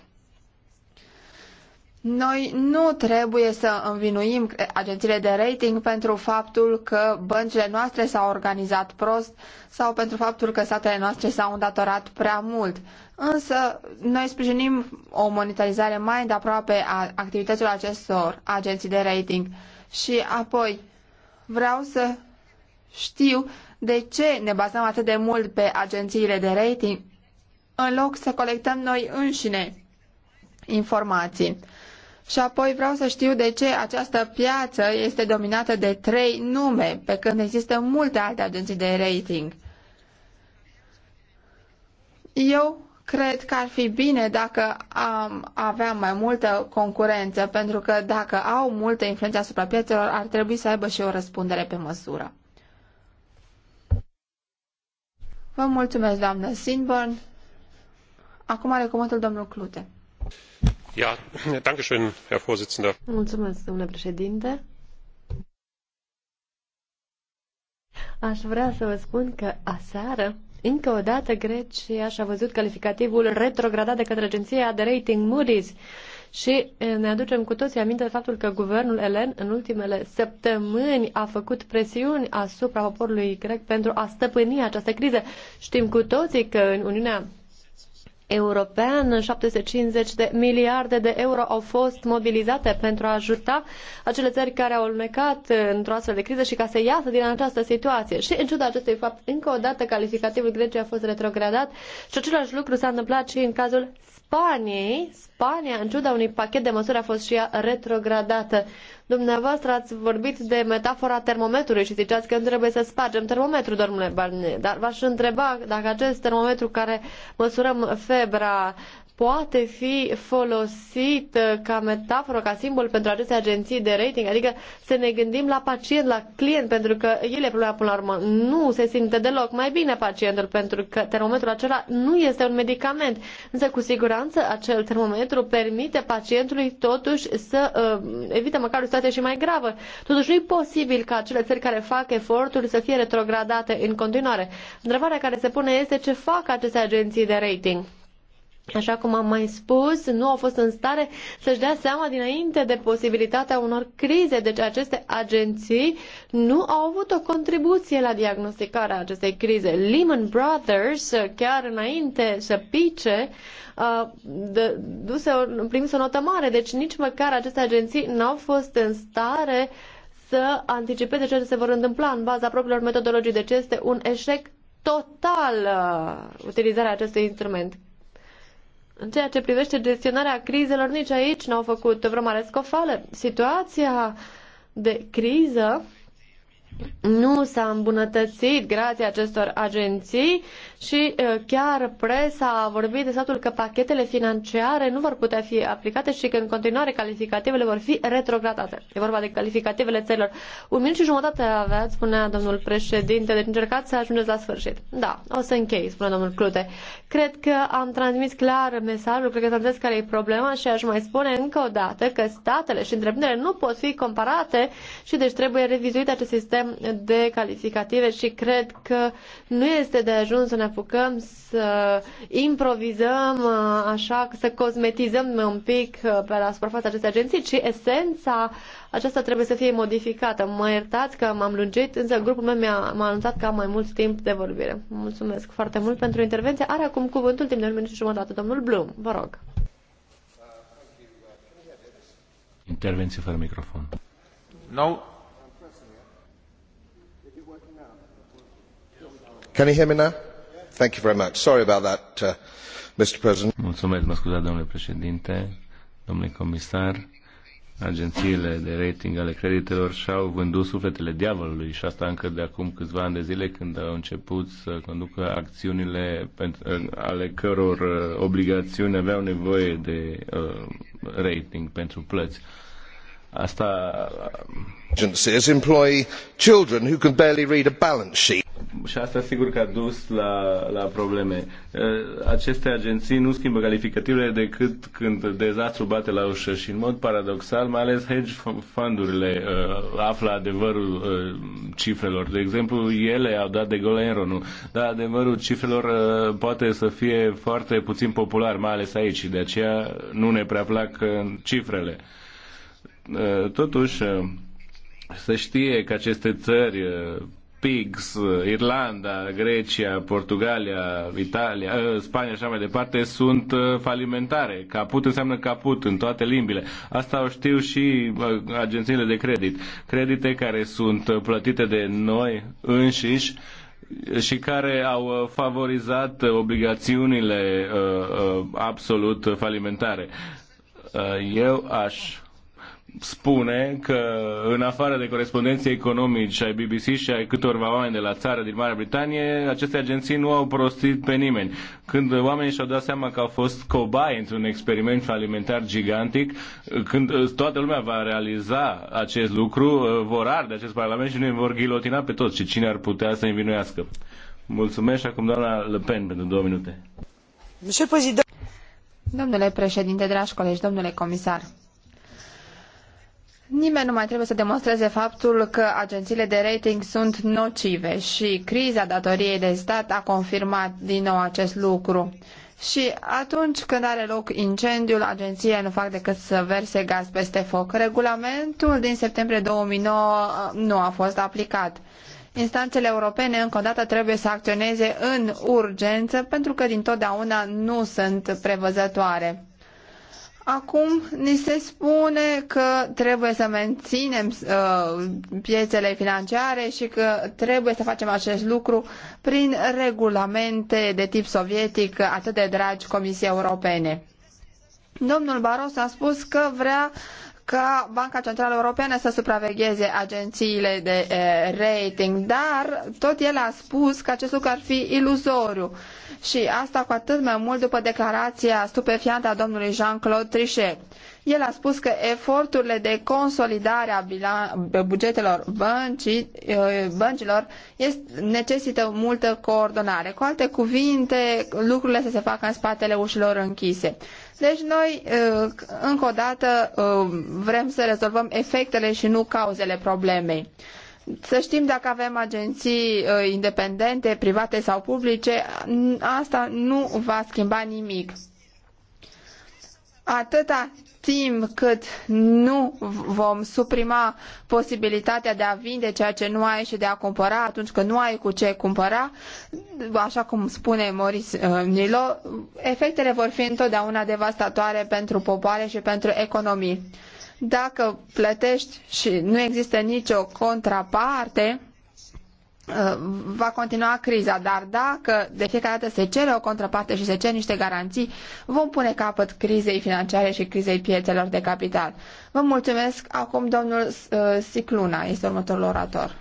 Noi nu trebuie să învinuim agențiile de rating pentru faptul că băncile noastre s-au organizat prost sau pentru faptul că statele noastre s-au îndatorat prea mult. Însă noi sprijinim o monitorizare mai de aproape a activităților acestor agenții de rating. Și apoi, vreau să știu de ce ne bazăm atât de mult pe agențiile de rating în loc să colectăm noi înșine informații. Și apoi vreau să știu de ce această piață este dominată de trei nume, pe când există multe alte agenții de rating. Eu Cred că ar fi bine dacă am avea mai multă concurență, pentru că dacă au multă influență asupra piețelor, ar trebui să aibă și o răspundere pe măsură. Vă mulțumesc, doamnă Sinborn. Acum are cuvântul domnul Clute. Ja, danke schön, Herr Vorsitzender. Mulțumesc, domnule președinte. Aș vrea să vă spun că aseară încă o dată Grecia și-a văzut calificativul retrogradat de către agenția de rating Moody's și ne aducem cu toții aminte de faptul că guvernul elen în ultimele săptămâni a făcut presiuni asupra poporului grec pentru a stăpâni această criză. Știm cu toții că în Uniunea european, 750 de miliarde de euro au fost mobilizate pentru a ajuta acele țări care au almecat eh, într-o astfel de criză și ca să iasă din această situație. Și în ciuda acestui fapt, încă o dată calificativul Greciei a fost retrogradat și același lucru s-a întâmplat și în cazul Spaniei, Spania, în ciuda unui pachet de măsuri, a fost și ea retrogradată. Dumneavoastră ați vorbit de metafora termometrului și ziceați că nu trebuie să spargem termometrul, domnule Barnier, dar v-aș întreba dacă acest termometru care măsurăm febra, poate fi folosit uh, ca metaforă, ca simbol pentru aceste agenții de rating, adică să ne gândim la pacient, la client, pentru că el e problema până la urmă. Nu se simte deloc mai bine pacientul, pentru că termometrul acela nu este un medicament, însă cu siguranță acel termometru permite pacientului totuși să uh, evite măcar o situație și mai gravă. Totuși nu e posibil ca acele țări care fac eforturi să fie retrogradate în continuare. Întrebarea care se pune este ce fac aceste agenții de rating așa cum am mai spus, nu au fost în stare să-și dea seama dinainte de posibilitatea unor crize. Deci aceste agenții nu au avut o contribuție la diagnosticarea acestei crize. Lehman Brothers, chiar înainte să pice, duse, primise o notă mare, deci nici măcar aceste agenții n-au fost în stare să anticipeze ce se vor întâmpla în baza propriilor metodologii. Deci este un eșec total utilizarea acestui instrument. În ceea ce privește gestionarea crizelor, nici aici n-au făcut vreo mare scofală. Situația de criză nu s-a îmbunătățit grație acestor agenții și uh, chiar presa a vorbit de faptul că pachetele financiare nu vor putea fi aplicate și că în continuare calificativele vor fi retrogradate. E vorba de calificativele țărilor. Un minut și jumătate aveați, spunea domnul președinte, deci încercați să ajungeți la sfârșit. Da, o să închei, spune domnul Clute. Cred că am transmis clar mesajul, cred că să înțeles care e problema și aș mai spune încă o dată că statele și întreprinderile nu pot fi comparate și deci trebuie revizuit acest sistem de calificative și cred că nu este de ajuns să ne apucăm să improvizăm, uh, așa, să cosmetizăm un pic uh, pe la suprafața acestei agenții, ci esența aceasta trebuie să fie modificată. Mă iertați că m-am lungit, însă grupul meu mi-a m-a anunțat că am mai mult timp de vorbire. Mulțumesc foarte mult pentru intervenție. Are acum cuvântul timp de un minut și jumătate. Domnul Blum, vă rog. Intervenție fără microfon. No. Can you hear me now? Thank you very much. Sorry about that, uh, Mr. President. Mulțumesc, mă scuzați, domnule președinte, domnule comisar. Agențiile de rating ale creditelor și-au vândut sufletele diavolului și asta încă de acum câțiva ani de zile când au început să conducă acțiunile pentru, ale căror uh, obligațiuni aveau nevoie de uh, rating pentru plăți. Uh, Asta agencies employ children who can barely read a balance sheet. Și asta sigur că a dus la, la probleme. Uh, aceste agenții nu schimbă calificativele decât când dezastru bate la ușă și în mod paradoxal, mai ales hedge fundurile uh, află adevărul uh, cifrelor. De exemplu, ele au dat de gol Enronul, dar adevărul cifrelor uh, poate să fie foarte puțin popular, mai ales aici, de aceea nu ne prea plac uh, cifrele. Eh, totuși, eh, se știe că aceste țări, eh, PIGS, Irlanda, Grecia, Portugalia, Italia, Spania și așa mai departe, sunt falimentare. Caput înseamnă caput în toate limbile. Asta o știu și agențiile de credit. Credite care sunt plătite de noi înșiși și care au favorizat obligațiunile absolut falimentare. Eu aș spune că în afară de corespondenții economici ai BBC și ai câtorva oameni de la țară din Marea Britanie, aceste agenții nu au prostit pe nimeni. Când oamenii și-au dat seama că au fost cobai într-un experiment alimentar gigantic, când uh, toată lumea va realiza acest lucru, uh, vor arde acest parlament și nu vor ghilotina pe toți și cine ar putea să i învinuiască. Mulțumesc și acum doamna Le Pen pentru două minute. Domnule președinte, dragi colegi, domnule comisar, Nimeni nu mai trebuie să demonstreze faptul că agențiile de rating sunt nocive și criza datoriei de stat a confirmat din nou acest lucru. Și atunci când are loc incendiul, agențiile nu fac decât să verse gaz peste foc. Regulamentul din septembrie 2009 uh, nu a fost aplicat. Instanțele europene încă o dată trebuie să acționeze în urgență pentru că din totdeauna nu sunt prevăzătoare. Acum ni se spune că trebuie să menținem uh, piețele financiare și că trebuie să facem acest lucru prin regulamente de tip sovietic atât de dragi Comisiei Europene. Domnul Barroso a spus că vrea ca Banca Centrală Europeană să supravegheze agențiile de eh, rating, dar tot el a spus că acest lucru ar fi iluzoriu. Și asta cu atât mai mult după declarația stupefiantă a domnului Jean-Claude Trichet. El a spus că eforturile de consolidare a bugetelor băncii, eh, băncilor este, necesită multă coordonare. Cu alte cuvinte, lucrurile să se facă în spatele ușilor închise. Deci noi, eh, încă o dată, eh, vrem să rezolvăm efectele și nu cauzele problemei. Să știm dacă avem agenții independente, private sau publice, asta nu va schimba nimic. Atâta timp cât nu vom suprima posibilitatea de a vinde ceea ce nu ai și de a cumpăra atunci când nu ai cu ce cumpăra, așa cum spune Maurice uh, Nilo, efectele vor fi întotdeauna devastatoare pentru popoare și pentru economii. Dacă plătești și nu există nicio contraparte, Uh, va continua criza, dar dacă de fiecare dată se cere o contraparte și se cer niște garanții, vom pune capăt crizei financiare și crizei piețelor de capital. Vă mulțumesc. Acum domnul uh, Sicluna este următorul orator.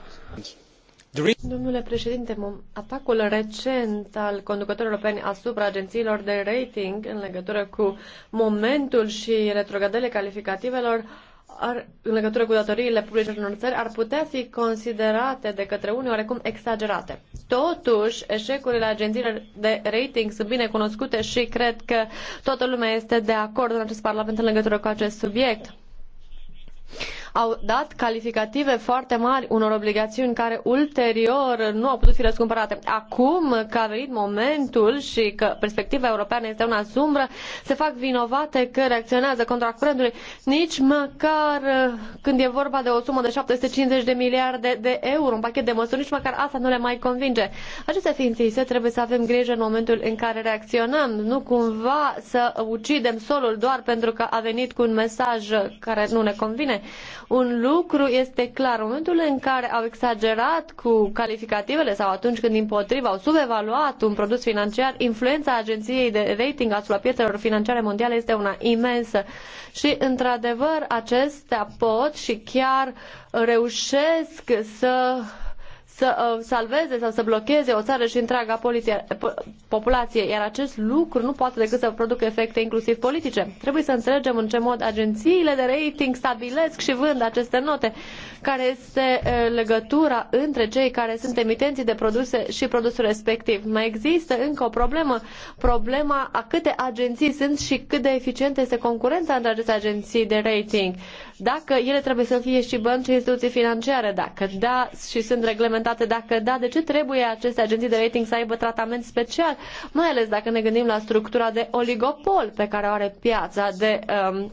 Domnule președinte, atacul recent al conducătorilor europeni asupra agențiilor de rating în legătură cu momentul și retrogradele calificativelor ar, în legătură cu datoriile publice în țări ar putea fi considerate de către unii oarecum exagerate. Totuși, eșecurile agențiilor de rating sunt bine cunoscute și cred că toată lumea este de acord în acest Parlament în legătură cu acest subiect au dat calificative foarte mari unor obligațiuni care ulterior nu au putut fi răscumpărate. Acum că a venit momentul și că perspectiva europeană este una sumbră, se fac vinovate că reacționează contra curentului, nici măcar uh, când e vorba de o sumă de 750 de miliarde de euro, un pachet de măsuri, nici măcar asta nu le mai convinge. Aceste fiind zise, trebuie să avem grijă în momentul în care reacționăm, nu cumva să ucidem solul doar pentru că a venit cu un mesaj care nu ne convine. Un lucru este clar, în momentul în care au exagerat cu calificativele sau atunci când împotriva au subevaluat un produs financiar, influența agenției de rating asupra piețelor financiare mondiale este una imensă. Și, într-adevăr, acestea pot și chiar reușesc să să uh, salveze sau să blocheze o țară și întreaga poliție, populație, iar acest lucru nu poate decât să producă efecte inclusiv politice. Trebuie să înțelegem în ce mod agențiile de rating stabilesc și vând aceste note, care este uh, legătura între cei care sunt emitenții de produse și produsul respectiv. Mai există încă o problemă, problema a câte agenții sunt și cât de eficientă este concurența între aceste agenții de rating dacă ele trebuie să fie și bănci și instituții financiare, dacă da și sunt reglementate, dacă da, de ce trebuie aceste agenții de rating să aibă tratament special, mai ales dacă ne gândim la structura de oligopol pe care o are piața de um,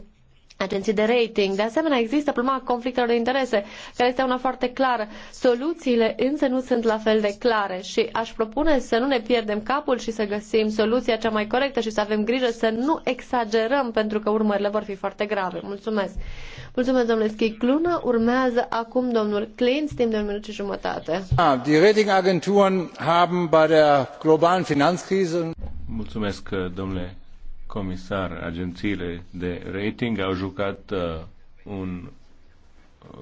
agenții de rating. De asemenea, există problema conflictelor de interese, care este una foarte clară. Soluțiile însă nu sunt la fel de clare și aș propune să nu ne pierdem capul și să găsim soluția cea mai corectă și să avem grijă să nu exagerăm, pentru că urmările vor fi foarte grave. Mulțumesc! Mulțumesc, domnule Schicluna. Urmează acum domnul Clint, timp de un minut și jumătate. Ah, die agenturen haben bei der globalen Finanzkrise... Mulțumesc, domnule comisar, agențiile de rating au jucat uh, un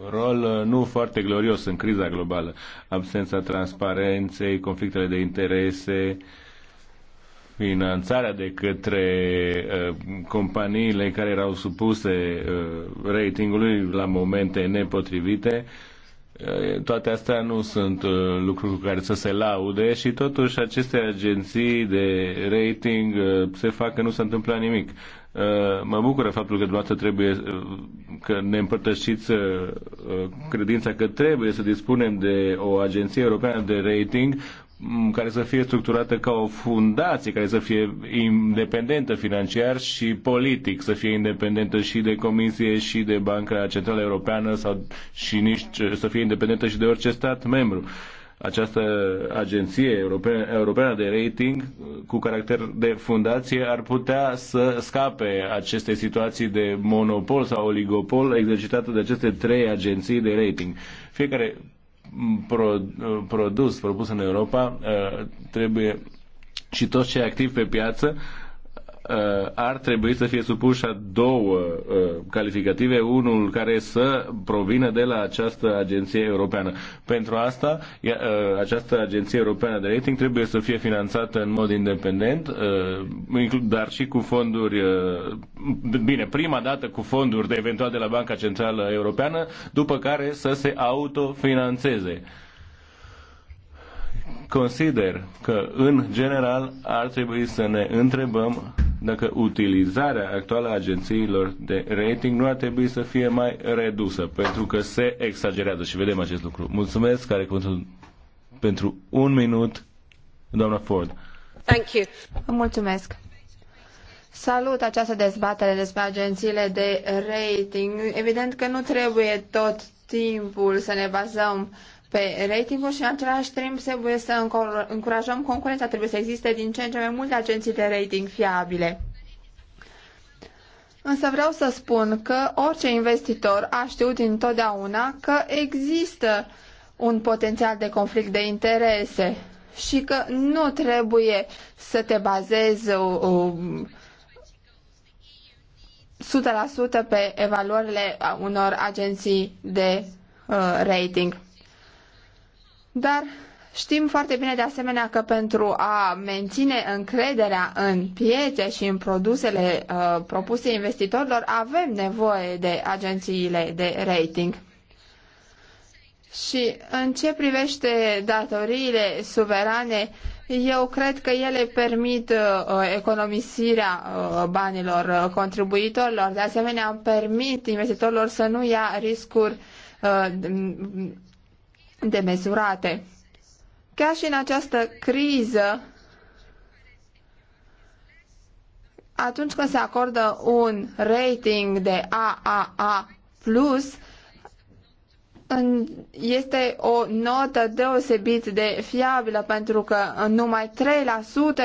rol uh, nu foarte glorios în criza globală. Absența transparenței, conflictele de interese, finanțarea de către uh, companiile care erau supuse uh, ratingului la momente nepotrivite uh, toate astea nu sunt uh, lucruri cu care să se laude și totuși aceste agenții de rating uh, se fac că nu se întâmplă nimic. Uh, mă bucură faptul că dumneavoastră trebuie că ne împărtășiți credința că trebuie să dispunem de o agenție europeană de rating care să fie structurată ca o fundație, care să fie independentă financiar și politic, să fie independentă și de Comisie și de Banca Centrală Europeană sau și nici să fie independentă și de orice stat membru. Această agenție europeană, de rating cu caracter de fundație ar putea să scape aceste situații de monopol sau oligopol exercitată de aceste trei agenții de rating. Fiecare pro produs propus în Europa uh, trebuie și toți cei activi pe piață Uh, ar trebui să fie supuși a două uh, calificative, unul care să provină de la această agenție europeană. Pentru asta, uh, această agenție europeană de rating trebuie să fie finanțată în mod independent, dar și cu fonduri, bine, prima dată cu fonduri de eventual de la Banca Centrală Europeană, după care să se autofinanțeze consider că, în general, ar trebui să ne întrebăm dacă utilizarea actuală a agențiilor de rating nu ar trebui să fie mai redusă, pentru că se exagerează și vedem acest lucru. Mulțumesc, care cuvântul pentru un minut, doamna Ford. Thank you. Mulțumesc. Salut această dezbatere despre agențiile de rating. Evident că nu trebuie tot timpul să ne bazăm pe ratinguri și în același timp trebuie să încurajăm concurența. Trebuie să existe din ce în ce mai multe agenții de rating fiabile. Însă vreau să spun că orice investitor a știut întotdeauna că există un potențial de conflict de interese și că nu trebuie să te bazezi uh, uh, 100% pe evaluările unor agenții de uh, rating. Dar știm foarte bine de asemenea că pentru a menține încrederea în piețe și în produsele uh, propuse investitorilor avem nevoie de agențiile de rating. Și în ce privește datoriile suverane, eu cred că ele permit uh, economisirea uh, banilor uh, contribuitorilor, de asemenea permit investitorilor să nu ia riscuri uh, de Chiar și în această criză, atunci când se acordă un rating de AAA+, plus, este o notă deosebit de fiabilă pentru că numai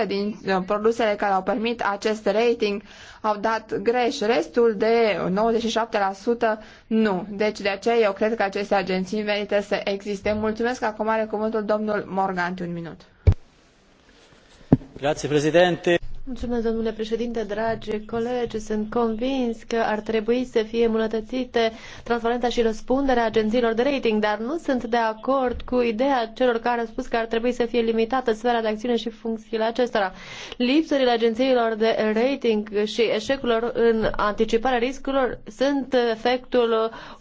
3% din uh, produsele care au permit acest rating au dat greș, restul de 97% nu. Deci de aceea eu cred că aceste agenții merită să existe. Mulțumesc, acum are cuvântul domnul Morgan, un minut. Grazie, președinte dragi colegi. Sunt convins că ar trebui să fie îmbunătățite transparența și răspunderea agențiilor de rating, dar nu sunt de acord cu ideea celor care au spus că ar trebui să fie limitată sfera de acțiune și funcțiile acestora. Lipsurile agențiilor de rating și eșecul lor în anticiparea riscurilor sunt efectul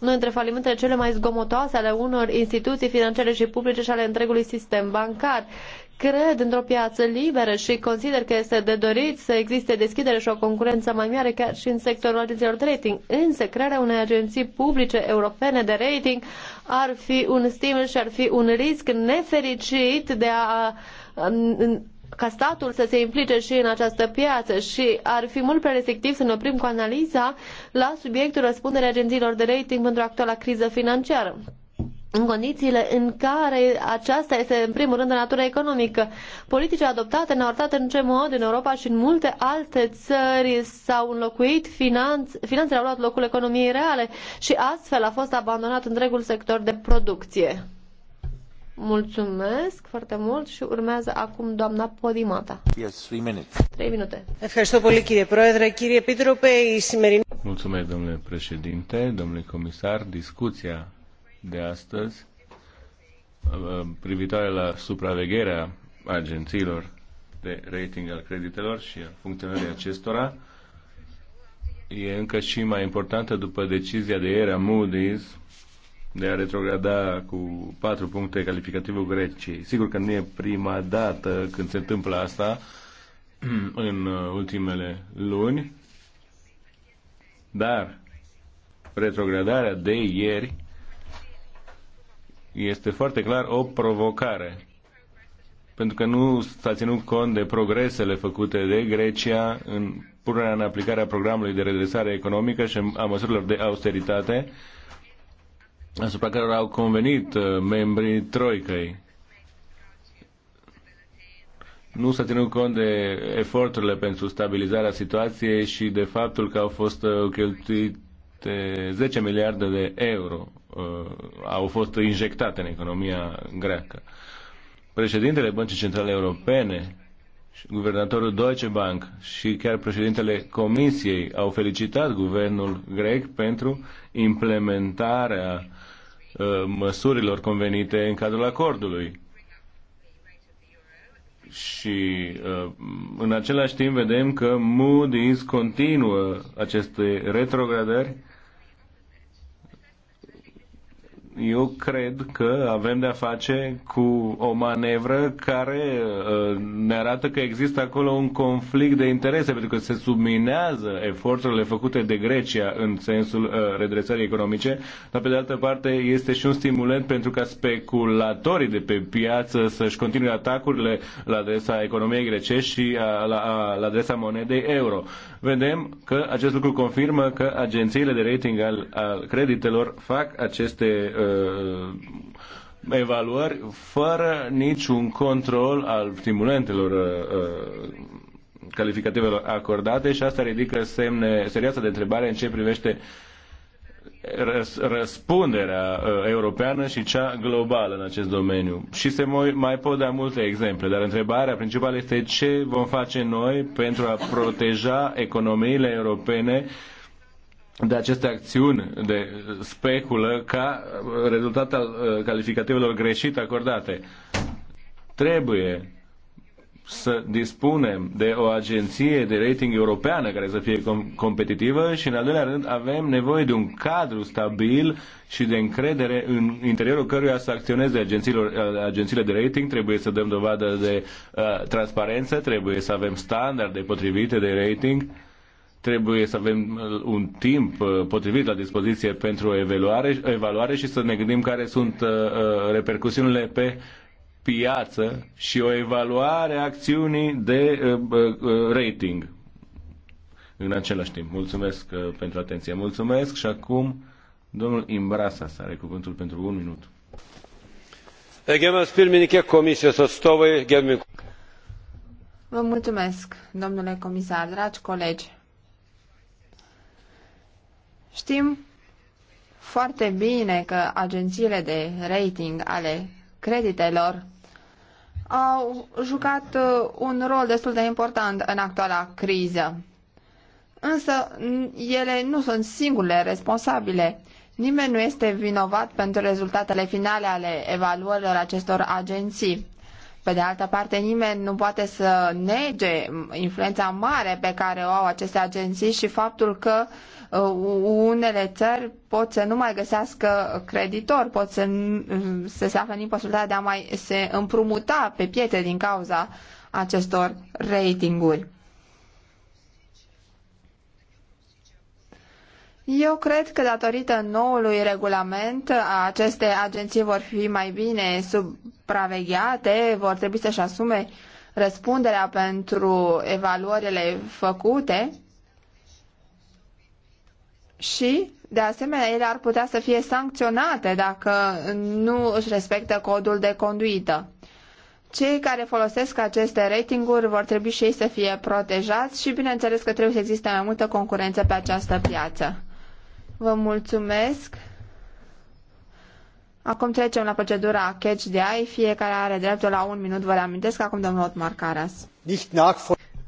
unul dintre falimentele cele mai zgomotoase ale unor instituții financiare și publice și ale întregului sistem bancar cred într-o piață liberă și consider că este de dorit să existe deschidere și o concurență mai mare chiar și în sectorul agențiilor de rating. Însă, crearea unei agenții publice europene de rating ar fi un stimul și ar fi un risc nefericit de a ca statul să se implice și în această piață și ar fi mult prea restrictiv să ne oprim cu analiza la subiectul răspunderea agențiilor de rating pentru actuala criză financiară în condițiile în care aceasta este, în primul rând, de natură economică. Politicile adoptate ne-au arătat în ce mod în Europa și în multe alte țări s-au înlocuit finanț, finanțele au luat locul economiei reale și astfel a fost abandonat întregul sector de producție. Mulțumesc foarte mult și urmează acum doamna Podimata. Yes, three minutes. Trei minute. Mulțumesc, domnule președinte, domnule comisar. Discuția de astăzi uh, privitoare la supravegherea agențiilor de rating al creditelor și a funcționării acestora e încă și mai importantă după decizia de ieri a Moody's de a retrograda cu patru puncte calificativul Greciei. Sigur că nu e prima dată când se întâmplă asta [clears throat] în uh, ultimele luni, dar retrogradarea de ieri este foarte clar o provocare. Pentru că nu s-a ținut cont de progresele făcute de Grecia în punerea în aplicarea programului de redresare economică și a măsurilor de austeritate asupra cărora au convenit uh, membrii Troicăi. Nu s-a ținut cont de eforturile pentru stabilizarea situației și de faptul că au fost uh, cheltuite 10 miliarde de euro Uh, au fost injectate în economia greacă. Președintele Băncii Centrale Europene, guvernatorul Deutsche Bank și chiar președintele Comisiei au felicitat guvernul grec pentru implementarea uh, măsurilor convenite în cadrul acordului și uh, în același timp vedem că Moody's continuă aceste retrogradări eu cred că avem de-a face cu o manevră care uh, ne arată că există acolo un conflict de interese, pentru că se subminează eforturile făcute de Grecia în sensul uh, redresării economice, dar pe de altă parte este și un stimulent pentru ca speculatorii de pe piață să-și continue atacurile la adresa economiei grecești și a, la, a, la adresa monedei euro. Vedem că acest lucru confirmă că agențiile de rating al, al creditelor fac aceste uh, Uh, evaluări fără niciun control al stimulentelor uh, uh, calificative acordate și asta ridică semne serioase de întrebare în ce privește răs, răspunderea europeană și cea globală în acest domeniu. Și se mai, mai pot da multe exemple, dar întrebarea principală este ce vom face noi pentru a proteja economiile europene uh, de aceste acțiuni de speculă ca rezultat al uh, calificativelor greșit acordate. Trebuie să dispunem de o agenție de rating europeană care să fie com- competitivă și, în al doilea rând, avem nevoie de un cadru stabil și de încredere în interiorul căruia să acționeze uh, agențiile de rating. Trebuie să dăm dovadă de uh, transparență, trebuie să avem standarde potrivite de rating. Uh, trebuie să avem uh, un timp uh, potrivit la dispoziție pentru evaluare, evaluare și să ne gândim care sunt uh, repercusiunile pe piață și o evaluare a acțiunii de rating în același timp. Mulțumesc pentru atenție. Mulțumesc și acum domnul Imbrasa să are cuvântul pentru un minut. Vă mulțumesc, domnule comisar, dragi colegi. Știm foarte bine că agențiile de rating ale creditelor au jucat uh, un rol destul de important în actuala criză. Însă ele nu sunt singurele responsabile. Nimeni nu este vinovat pentru rezultatele finale ale evaluărilor acestor agenții. Pe de altă parte, nimeni nu poate să nege influența mare pe care o au aceste agenții și faptul că uh, unele țări pot să nu mai găsească creditor, pot să, uh, să se află în imposibilitatea de a mai se împrumuta pe piețe din cauza acestor ratinguri. Eu cred că datorită noului regulament aceste agenții vor fi mai bine sub supravegheate vor trebui să-și asume răspunderea pentru evaluările făcute și, de asemenea, ele ar putea să fie sancționate dacă nu își respectă codul de conduită. Cei care folosesc aceste ratinguri vor trebui și ei să fie protejați și, bineînțeles, că trebuie să existe mai multă concurență pe această piață. Vă mulțumesc! Acum trecem la procedura catch de ai. Fiecare are dreptul la un minut. Vă reamintesc acum domnul Otmar Caras.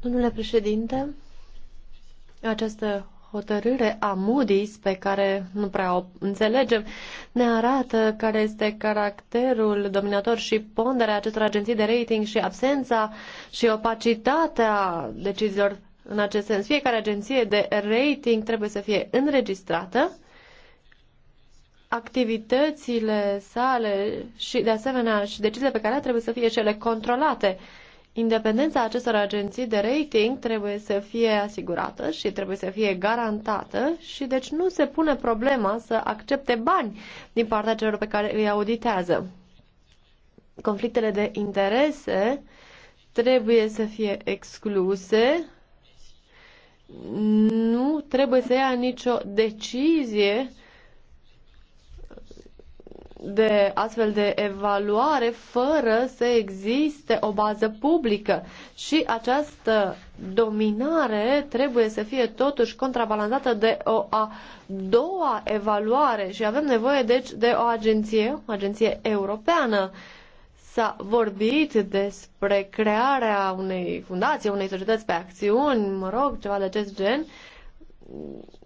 Domnule președinte, această hotărâre a Moody's, pe care nu prea o înțelegem, ne arată care este caracterul dominator și ponderea acestor agenții de rating și absența și opacitatea deciziilor în acest sens. Fiecare agenție de rating trebuie să fie înregistrată activitățile sale și, de asemenea, și deciziile pe care trebuie să fie cele controlate. Independența acestor agenții de rating trebuie să fie asigurată și trebuie să fie garantată și deci nu se pune problema să accepte bani din partea celor pe care îi auditează. Conflictele de interese trebuie să fie excluse, nu trebuie să ia nicio decizie de astfel de evaluare fără să existe o bază publică și această dominare trebuie să fie totuși contrabalansată de o a doua evaluare și avem nevoie deci de o agenție, o agenție europeană. S-a vorbit despre crearea unei fundații, unei societăți pe acțiuni, mă rog, ceva de acest gen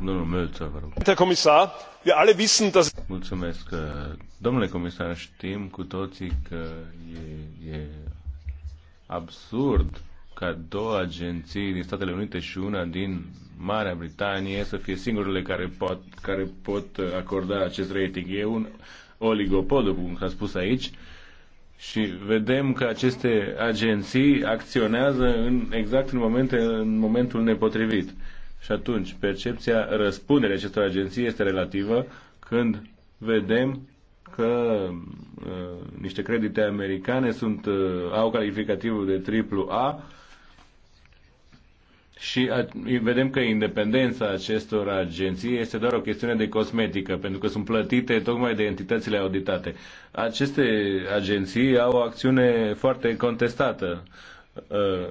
Domnule Comisar, wir alle wissen, dass... Mulțumesc. Domnule comisar, știm cu toții că e, e absurd ca două agenții din Statele Unite și una din Marea Britanie să fie singurele care pot, care pot acorda acest rating. E un oligopol, după cum s-a spus aici, și vedem că aceste agenții acționează în, exact în, momente, în momentul nepotrivit. Și atunci, percepția răspunderii acestor agenții este relativă când vedem că uh, niște credite americane sunt, uh, au calificativul de triplu A și a, vedem că independența acestor agenții este doar o chestiune de cosmetică, pentru că sunt plătite tocmai de entitățile auditate. Aceste agenții au o acțiune foarte contestată. Uh,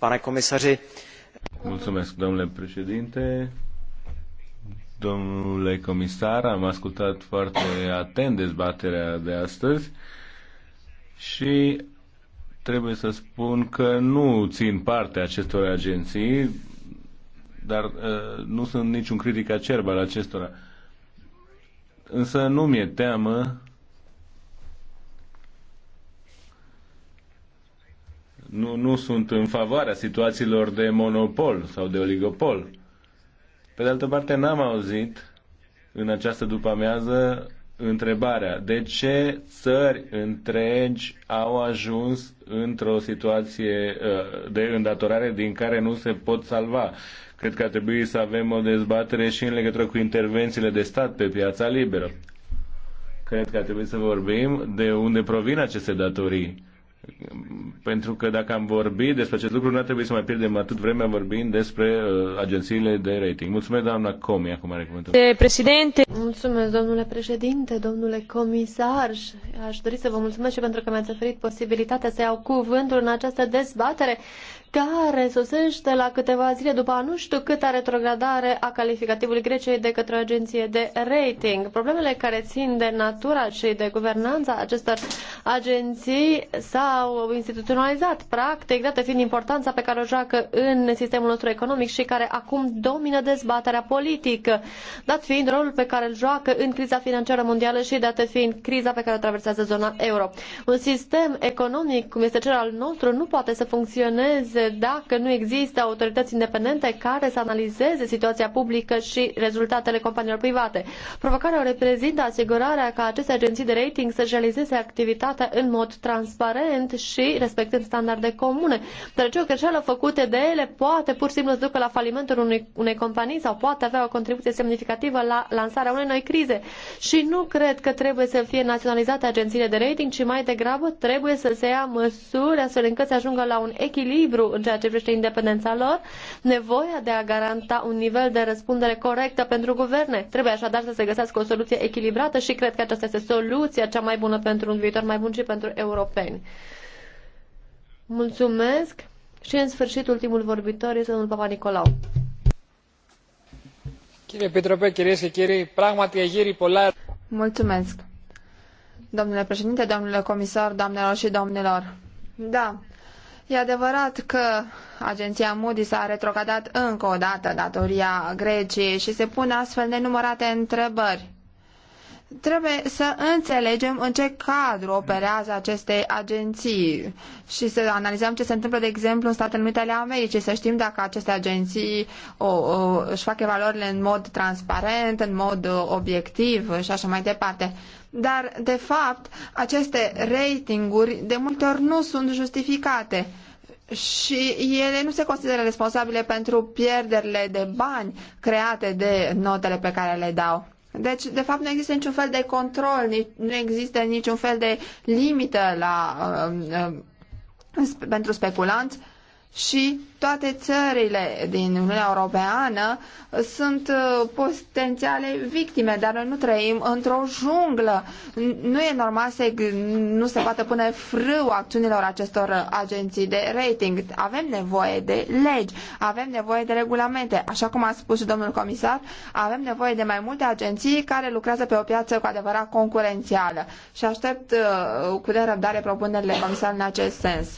pane komisaři. Mulțumesc, domnule președinte. Domnule comisar, am ascultat foarte atent dezbaterea de astăzi și trebuie să spun că nu țin parte acestor agenții, dar uh, nu sunt niciun critic acerb al acestora. Însă nu mi-e teamă nu, nu sunt în favoarea situațiilor de monopol sau de oligopol. Pe de altă parte, n-am auzit în această după-amiază întrebarea de ce țări întregi au ajuns într-o situație uh, de îndatorare din care nu se pot salva. Cred că ar trebui să avem o dezbatere și în legătură cu intervențiile de stat pe piața liberă. Cred că ar trebui să vorbim de unde provin aceste datorii pentru că dacă am vorbit despre acest lucru, nu ar trebui să mai pierdem atât vremea vorbind despre uh, agențiile de rating. Mulțumesc, doamna Comi, acum are cuvântul. Președinte. Mulțumesc, domnule președinte, domnule comisar. Aș dori să vă mulțumesc și pentru că mi-ați oferit posibilitatea să iau cuvântul în această dezbatere care sosește la câteva zile după nu știu câta retrogradare a calificativului Greciei de către o agenție de rating. Problemele care țin de natura și de guvernanța acestor agenții s-au instituționalizat, practic, date fiind importanța pe care o joacă în sistemul nostru economic și care acum domină dezbaterea politică, dat fiind rolul pe care îl joacă în criza financiară mondială și date fiind criza pe care o traversează zona euro. Un sistem economic, cum este cel al nostru, nu poate să funcționeze analizeze dacă nu există autorități independente care să analizeze situația publică și rezultatele companiilor private. Provocarea o reprezintă asigurarea ca aceste agenții de rating să realizeze activitatea în mod transparent și respectând standarde comune, deoarece o greșeală făcută de ele poate pur și simplu să ducă la falimentul unei, unei companii sau poate avea o contribuție semnificativă la lansarea unei noi crize. Și nu cred că trebuie să fie naționalizate agențiile de rating, ci mai degrabă trebuie să se ia măsuri astfel încât să ajungă la un echilibru în ceea ce privește independența lor, nevoia de a garanta un nivel de răspundere corectă pentru guverne. Trebuie așadar să se găsească o soluție echilibrată și cred că aceasta este soluția cea mai bună pentru un viitor mai bun și pentru europeni. Mulțumesc și în sfârșit ultimul vorbitor este domnul Papa Nicolau. Mulțumesc. Domnule președinte, domnule comisar, doamnelor și domnilor. Da, E adevărat că agenția Moody's a retrogradat încă o dată datoria Greciei și se pun astfel nenumărate întrebări. Trebuie să înțelegem în ce cadru operează aceste agenții și să analizăm ce se întâmplă, de exemplu, în Statele Unite ale Americii, să știm dacă aceste agenții o, o, își fac evaluările în mod transparent, în mod uh, obiectiv și așa mai departe dar, de fapt, aceste ratinguri de multe ori nu sunt justificate și ele nu se consideră responsabile pentru pierderile de bani create de notele pe care le dau. Deci, de fapt, nu există niciun fel de control, nu există niciun fel de limită la, uh, uh, pentru speculanți și toate țările din Uniunea Europeană sunt uh, potențiale victime, dar noi nu trăim într-o junglă. Nu e normal să nu se poată pune frâu acțiunilor acestor agenții de rating. Avem nevoie de legi, avem nevoie de regulamente. Așa cum a spus și domnul comisar, avem nevoie de mai multe agenții care lucrează pe o piață cu adevărat concurențială. Și aștept uh, cu nerăbdare propunerile comisarului în acest sens.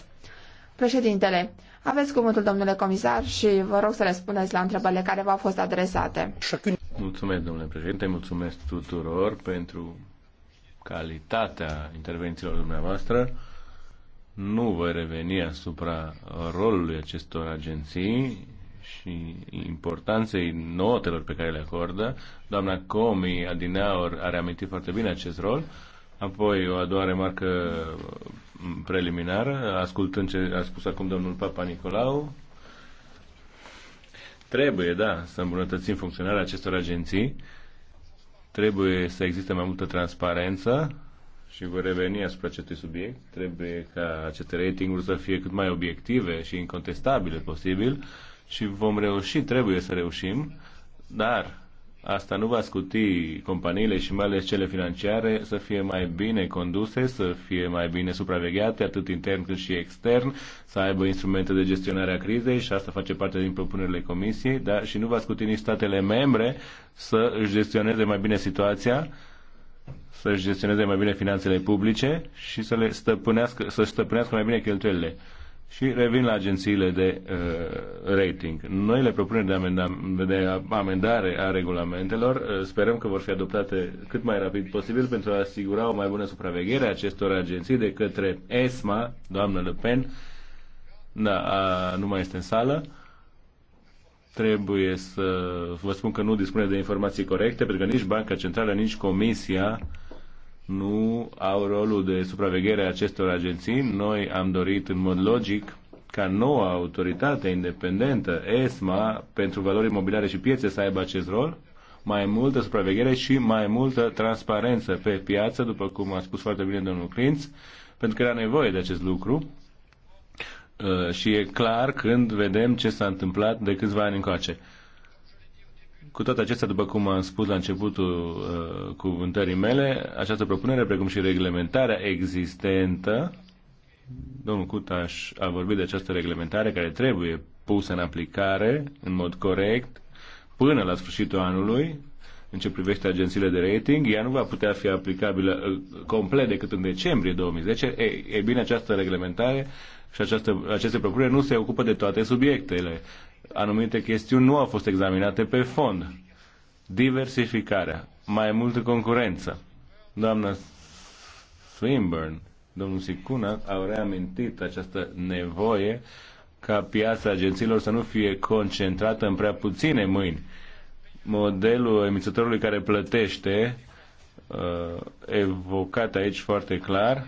Președintele, aveți cuvântul, domnule comisar, și vă rog să răspundeți la întrebările care v-au fost adresate. Mulțumesc, domnule președinte, mulțumesc tuturor pentru calitatea intervențiilor dumneavoastră. Nu voi reveni asupra rolului acestor agenții și importanței notelor pe care le acordă. Doamna Comi Adinaur a reamintit foarte bine acest rol. Apoi o a doua remarcă preliminar. ascultând ce a spus acum domnul Papa Nicolau. Trebuie, da, să îmbunătățim funcționarea acestor agenții, trebuie să existe mai multă transparență și voi reveni asupra acestui subiect. Trebuie ca aceste ratinguri să fie cât mai obiective și incontestabile posibil și vom reuși, trebuie să reușim, dar Asta nu va scuti companiile și mai ales cele financiare să fie mai bine conduse, să fie mai bine supravegheate, atât intern cât și extern, să aibă instrumente de gestionare a crizei și asta face parte din propunerile Comisiei, dar și nu va scuti nici statele membre să își gestioneze mai bine situația, să își gestioneze mai bine finanțele publice și să le stăpânească, să stăpânească mai bine cheltuielile. Și revin la agențiile de uh, rating. Noile propuneri de, amenda- de amendare a regulamentelor uh, sperăm că vor fi adoptate cât mai rapid posibil pentru a asigura o mai bună supraveghere a acestor agenții de către ESMA, doamnă Le Pen, da, a, nu mai este în sală. Trebuie să vă spun că nu dispune de informații corecte, pentru că nici Banca Centrală, nici Comisia uh, nu au rolul de supraveghere a acestor agenții. Noi am dorit în mod logic ca noua autoritate independentă, ESMA, pentru valori imobiliare și piețe să aibă acest rol, mai multă supraveghere și mai multă transparență pe piață, după cum a spus foarte bine domnul Clinț, pentru că era nevoie de acest lucru uh, și e clar când vedem ce s-a întâmplat de câțiva ani încoace. Cu toate acestea, după cum am spus la începutul uh, cuvântării mele, această propunere, precum și reglementarea existentă, domnul Cutaș a vorbit de această reglementare care trebuie pusă în aplicare în mod corect până la sfârșitul anului, în ce privește agențiile de rating, ea nu va putea fi aplicabilă uh, complet decât în decembrie 2010. E, e bine, această reglementare și această, aceste propuneri nu se ocupă de toate subiectele anumite chestiuni nu au fost examinate pe fond. Diversificarea, mai multă concurență. Doamna Swinburne, domnul Sicuna au reamintit această nevoie ca piața agențiilor să nu fie concentrată în prea puține mâini. Modelul emițătorului care plătește, uh, evocat aici foarte clar,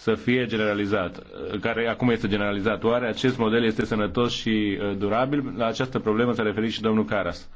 să fie generalizat, care acum este generalizat. Oare acest model este sănătos și uh, durabil? La această problemă s-a referit și domnul Caras.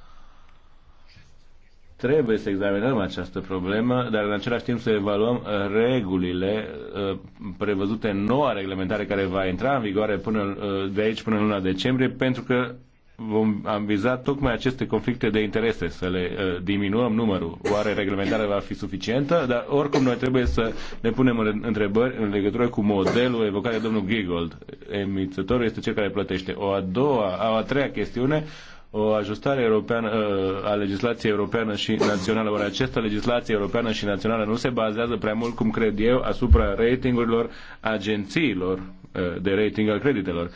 Trebuie să examinăm această problemă, dar în același timp să evaluăm uh, regulile uh, prevăzute în noua reglementare care va intra în vigoare până de aici până în luna decembrie, pentru că vom, am vizat tocmai aceste conflicte de interese, să le uh, diminuăm numărul. Oare reglementarea va fi suficientă? Dar oricum noi trebuie să ne punem întrebări în legătură cu modelul evocat de domnul Giggold. Emițătorul este cel care plătește. O a doua, a, a treia chestiune, o ajustare europeană, uh, a legislației europeană și națională. Ori această legislație europeană și națională nu se bazează prea mult, cum cred eu, asupra ratingurilor agențiilor uh, de rating al creditelor.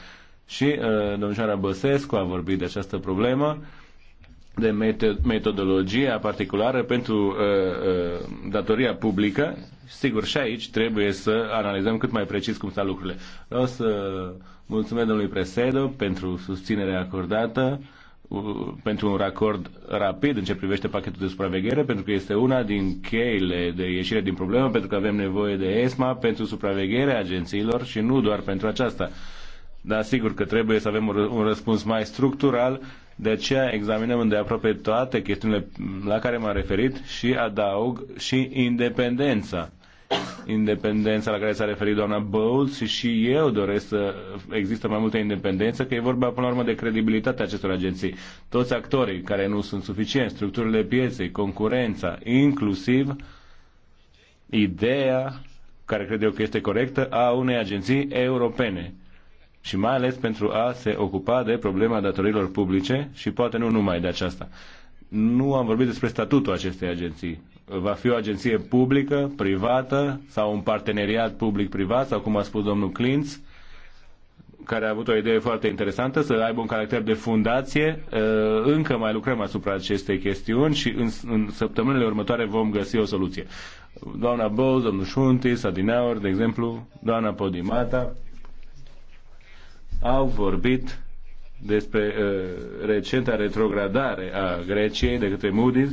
Și uh, domnișoara Băsescu a vorbit de această problemă de metodologia particulară pentru uh, uh, datoria publică. Sigur, și aici trebuie să analizăm cât mai precis cum stau lucrurile. Vreau să mulțumesc domnului Presedo pentru susținerea acordată, uh, pentru un racord rapid în ce privește pachetul de supraveghere, pentru că este una din cheile de ieșire din problemă, pentru că avem nevoie de ESMA pentru supravegherea agențiilor și nu doar pentru aceasta. Uh, dar sigur că trebuie să avem un răspuns mai structural, de aceea examinăm îndeaproape toate chestiunile la care m-am referit și adaug și independența independența la care s-a referit doamna Bowles și și eu doresc să există mai multă independență, că e vorba până la urmă de credibilitatea acestor agenții. Toți actorii care nu sunt suficienți, structurile pieței, concurența, inclusiv ideea, care cred eu că este corectă, a unei agenții europene și mai ales pentru a se ocupa de problema datorilor publice și poate nu numai de aceasta. Nu am vorbit despre statutul acestei agenții. Va fi o agenție publică, privată sau un parteneriat public-privat sau cum a spus domnul Clintz, care a avut o idee foarte interesantă, să aibă un caracter de fundație. Uh, încă mai lucrăm asupra acestei chestiuni și în, în săptămânile următoare vom găsi o soluție. Doamna Boz, domnul Șunti, Sadinaur, de exemplu, doamna Podimata au vorbit despre uh, recenta retrogradare a Greciei de către Moody's.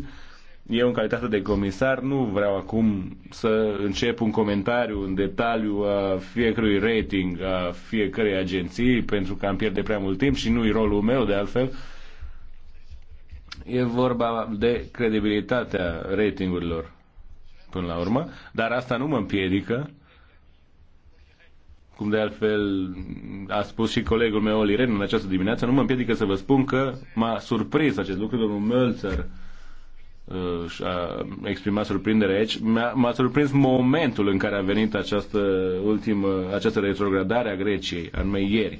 Eu, în calitate de comisar, nu vreau acum să încep un comentariu în detaliu a fiecărui rating, a fiecărei agenții, pentru că am pierde prea mult timp și nu-i rolul meu, de altfel. E vorba de credibilitatea ratingurilor până la urmă, dar asta nu mă împiedică cum de altfel a spus și colegul meu Oliren în această dimineață, nu mă împiedică să vă spun că m-a surprins acest lucru, domnul Mölzer uh, a exprimat surprindere aici. M-a surprins momentul în care a venit această ultimă, această retrogradare a Greciei, anume ieri.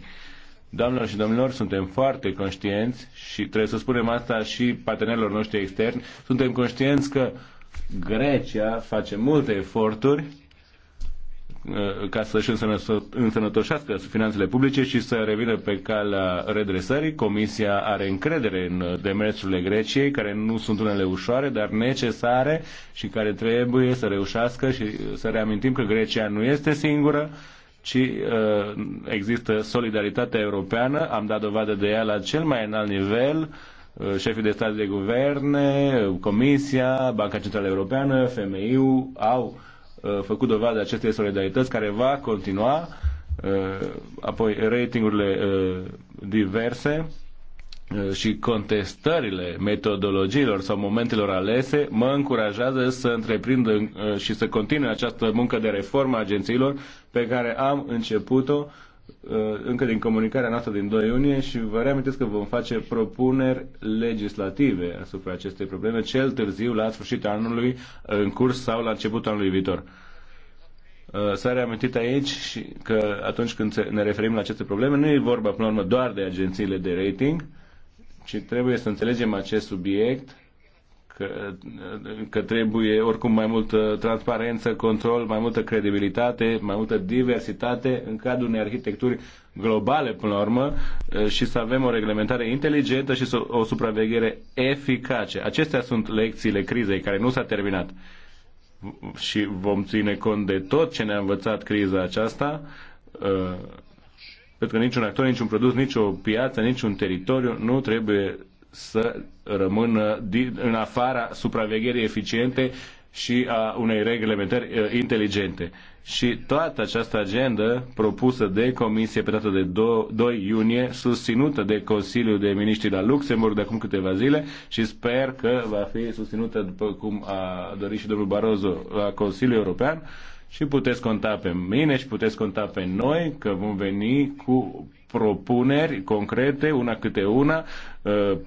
Doamnelor și domnilor, suntem foarte conștienți și trebuie să spunem asta și partenerilor noștri externi, suntem conștienți că Grecia face multe eforturi Eh, ca să-și însănătoșească finanțele publice și să revină pe calea redresării. Comisia are încredere în demersurile Greciei, care nu sunt unele ușoare, dar necesare și care trebuie să reușească și eh, să reamintim că Grecia nu este singură, ci eh, există solidaritatea europeană, am dat dovadă de ea la cel mai înalt nivel, șefii de stat de guverne, Comisia, Banca Centrală Europeană, FMI-ul au Uh, făcut dovadă acestei solidarități care va continua, uh, apoi ratingurile uh, diverse și contestările metodologiilor sau momentelor alese mă încurajează să întreprind și să continui această muncă de reformă a agențiilor pe care am început-o Uh, încă din comunicarea noastră din 2 iunie și vă reamintesc că vom face propuneri legislative asupra acestei probleme cel târziu la sfârșitul anului în curs sau la începutul anului viitor. Uh, s-a reamintit aici că atunci când ne referim la aceste probleme nu e vorba până la urmă doar de agențiile de rating, ci trebuie să înțelegem acest subiect că, că trebuie oricum mai multă transparență, control, mai multă credibilitate, mai multă diversitate în cadrul unei arhitecturi globale, până la urmă, și să avem o reglementare inteligentă și o supraveghere eficace. Acestea sunt lecțiile crizei care nu s-a terminat și vom ține cont de tot ce ne-a învățat criza aceasta, uh, pentru că niciun actor, niciun produs, nicio piață, niciun teritoriu nu trebuie să rămână din, în afara supravegherii eficiente și a unei reglementări uh, inteligente. Și toată această agendă propusă de Comisie pe data de 2, 2 iunie, susținută de Consiliul de Miniștri la Luxemburg de acum câteva zile și sper că va fi susținută, după cum a dorit și domnul Barozo, la Consiliul European, și puteți conta pe mine și puteți conta pe noi că vom veni cu propuneri concrete, una câte una,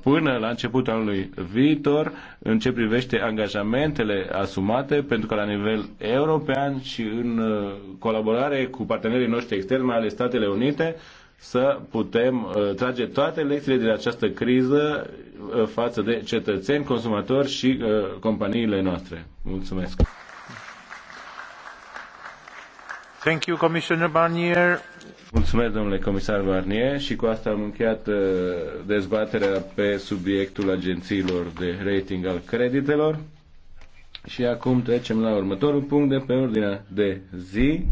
până la începutul anului viitor în ce privește angajamentele asumate pentru că la nivel european și în uh, colaborare cu partenerii noștri externi, mai ales Statele Unite, să putem uh, trage toate lecțiile din această criză uh, față de cetățeni, consumatori și companiile noastre. Mulțumesc. Thank you, Commissioner Barnier. Mulțumesc, domnule comisar Barnier, și cu asta am încheiat uh, dezbaterea pe subiectul agențiilor de rating al creditelor. Și acum trecem la următorul punct de pe ordinea de zi.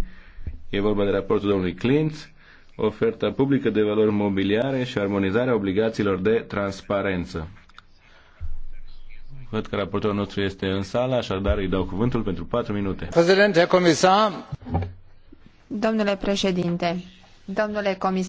E vorba de raportul domnului Clintz, oferta publică de valori mobiliare și armonizarea obligațiilor de transparență. Văd că raportorul nostru este în sală, așadar îi dau cuvântul pentru 4 minute. Președinte, comisar. Domnule președinte, Domnule comisar,